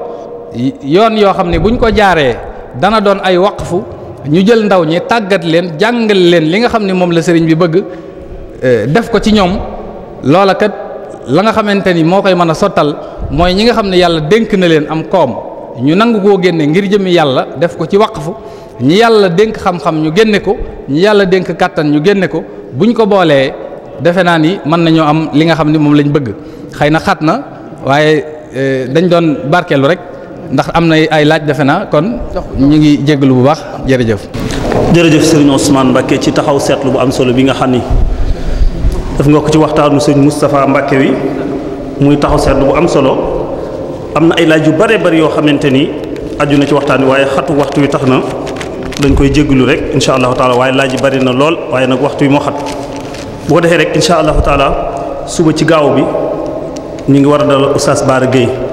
yoon yoo xam ne buñ ko jaaree dana doon ay waqfu ñu jël ndaw ñi tàggat leen jàngal leen li nga xam ne moom la sëriñ bi bëgg def ko ci ñoom loola kat la nga xamante ni moo koy mën a sottal mooy ñi nga xam ne yàlla dénk na leen am koom ñu nangu koo génne ngir jëmmi yàlla def ko ci waqfu ñi yàlla dénk xam-xam ñu génne ko ñi yàlla dénk kàttan ñu génne ko buñ ko boolee defe naa ni mën nañoo am li nga xam ni moom lañ bëgg xëy na xat na waaye eh, dañ doon barkeelu rek ndax am na ay laaj defe naa kon ñu ngi jéggalu bu baax jërëjëf. jërëjëf Serigne Ousmane Mbacké ci taxaw seetlu bu am solo bi nga xam ni. def nga ko ci waxtaan waxtaanu sëñ Moustapha Mbacke wi muy taxaw seetlu bu am solo am na ay laaj yu bare bari yoo xamante ni aju na ci waxtaan wi waaye xatu waxtu wi tax na dañ koy jégalu rek incha allahu taala waaye laaj yi bari na lool waaye nag waxtu wi moo xat boo defee rek incha allahu taala suba ci gaaw bi ñu ngi war a dalal Oustaz baara Gueye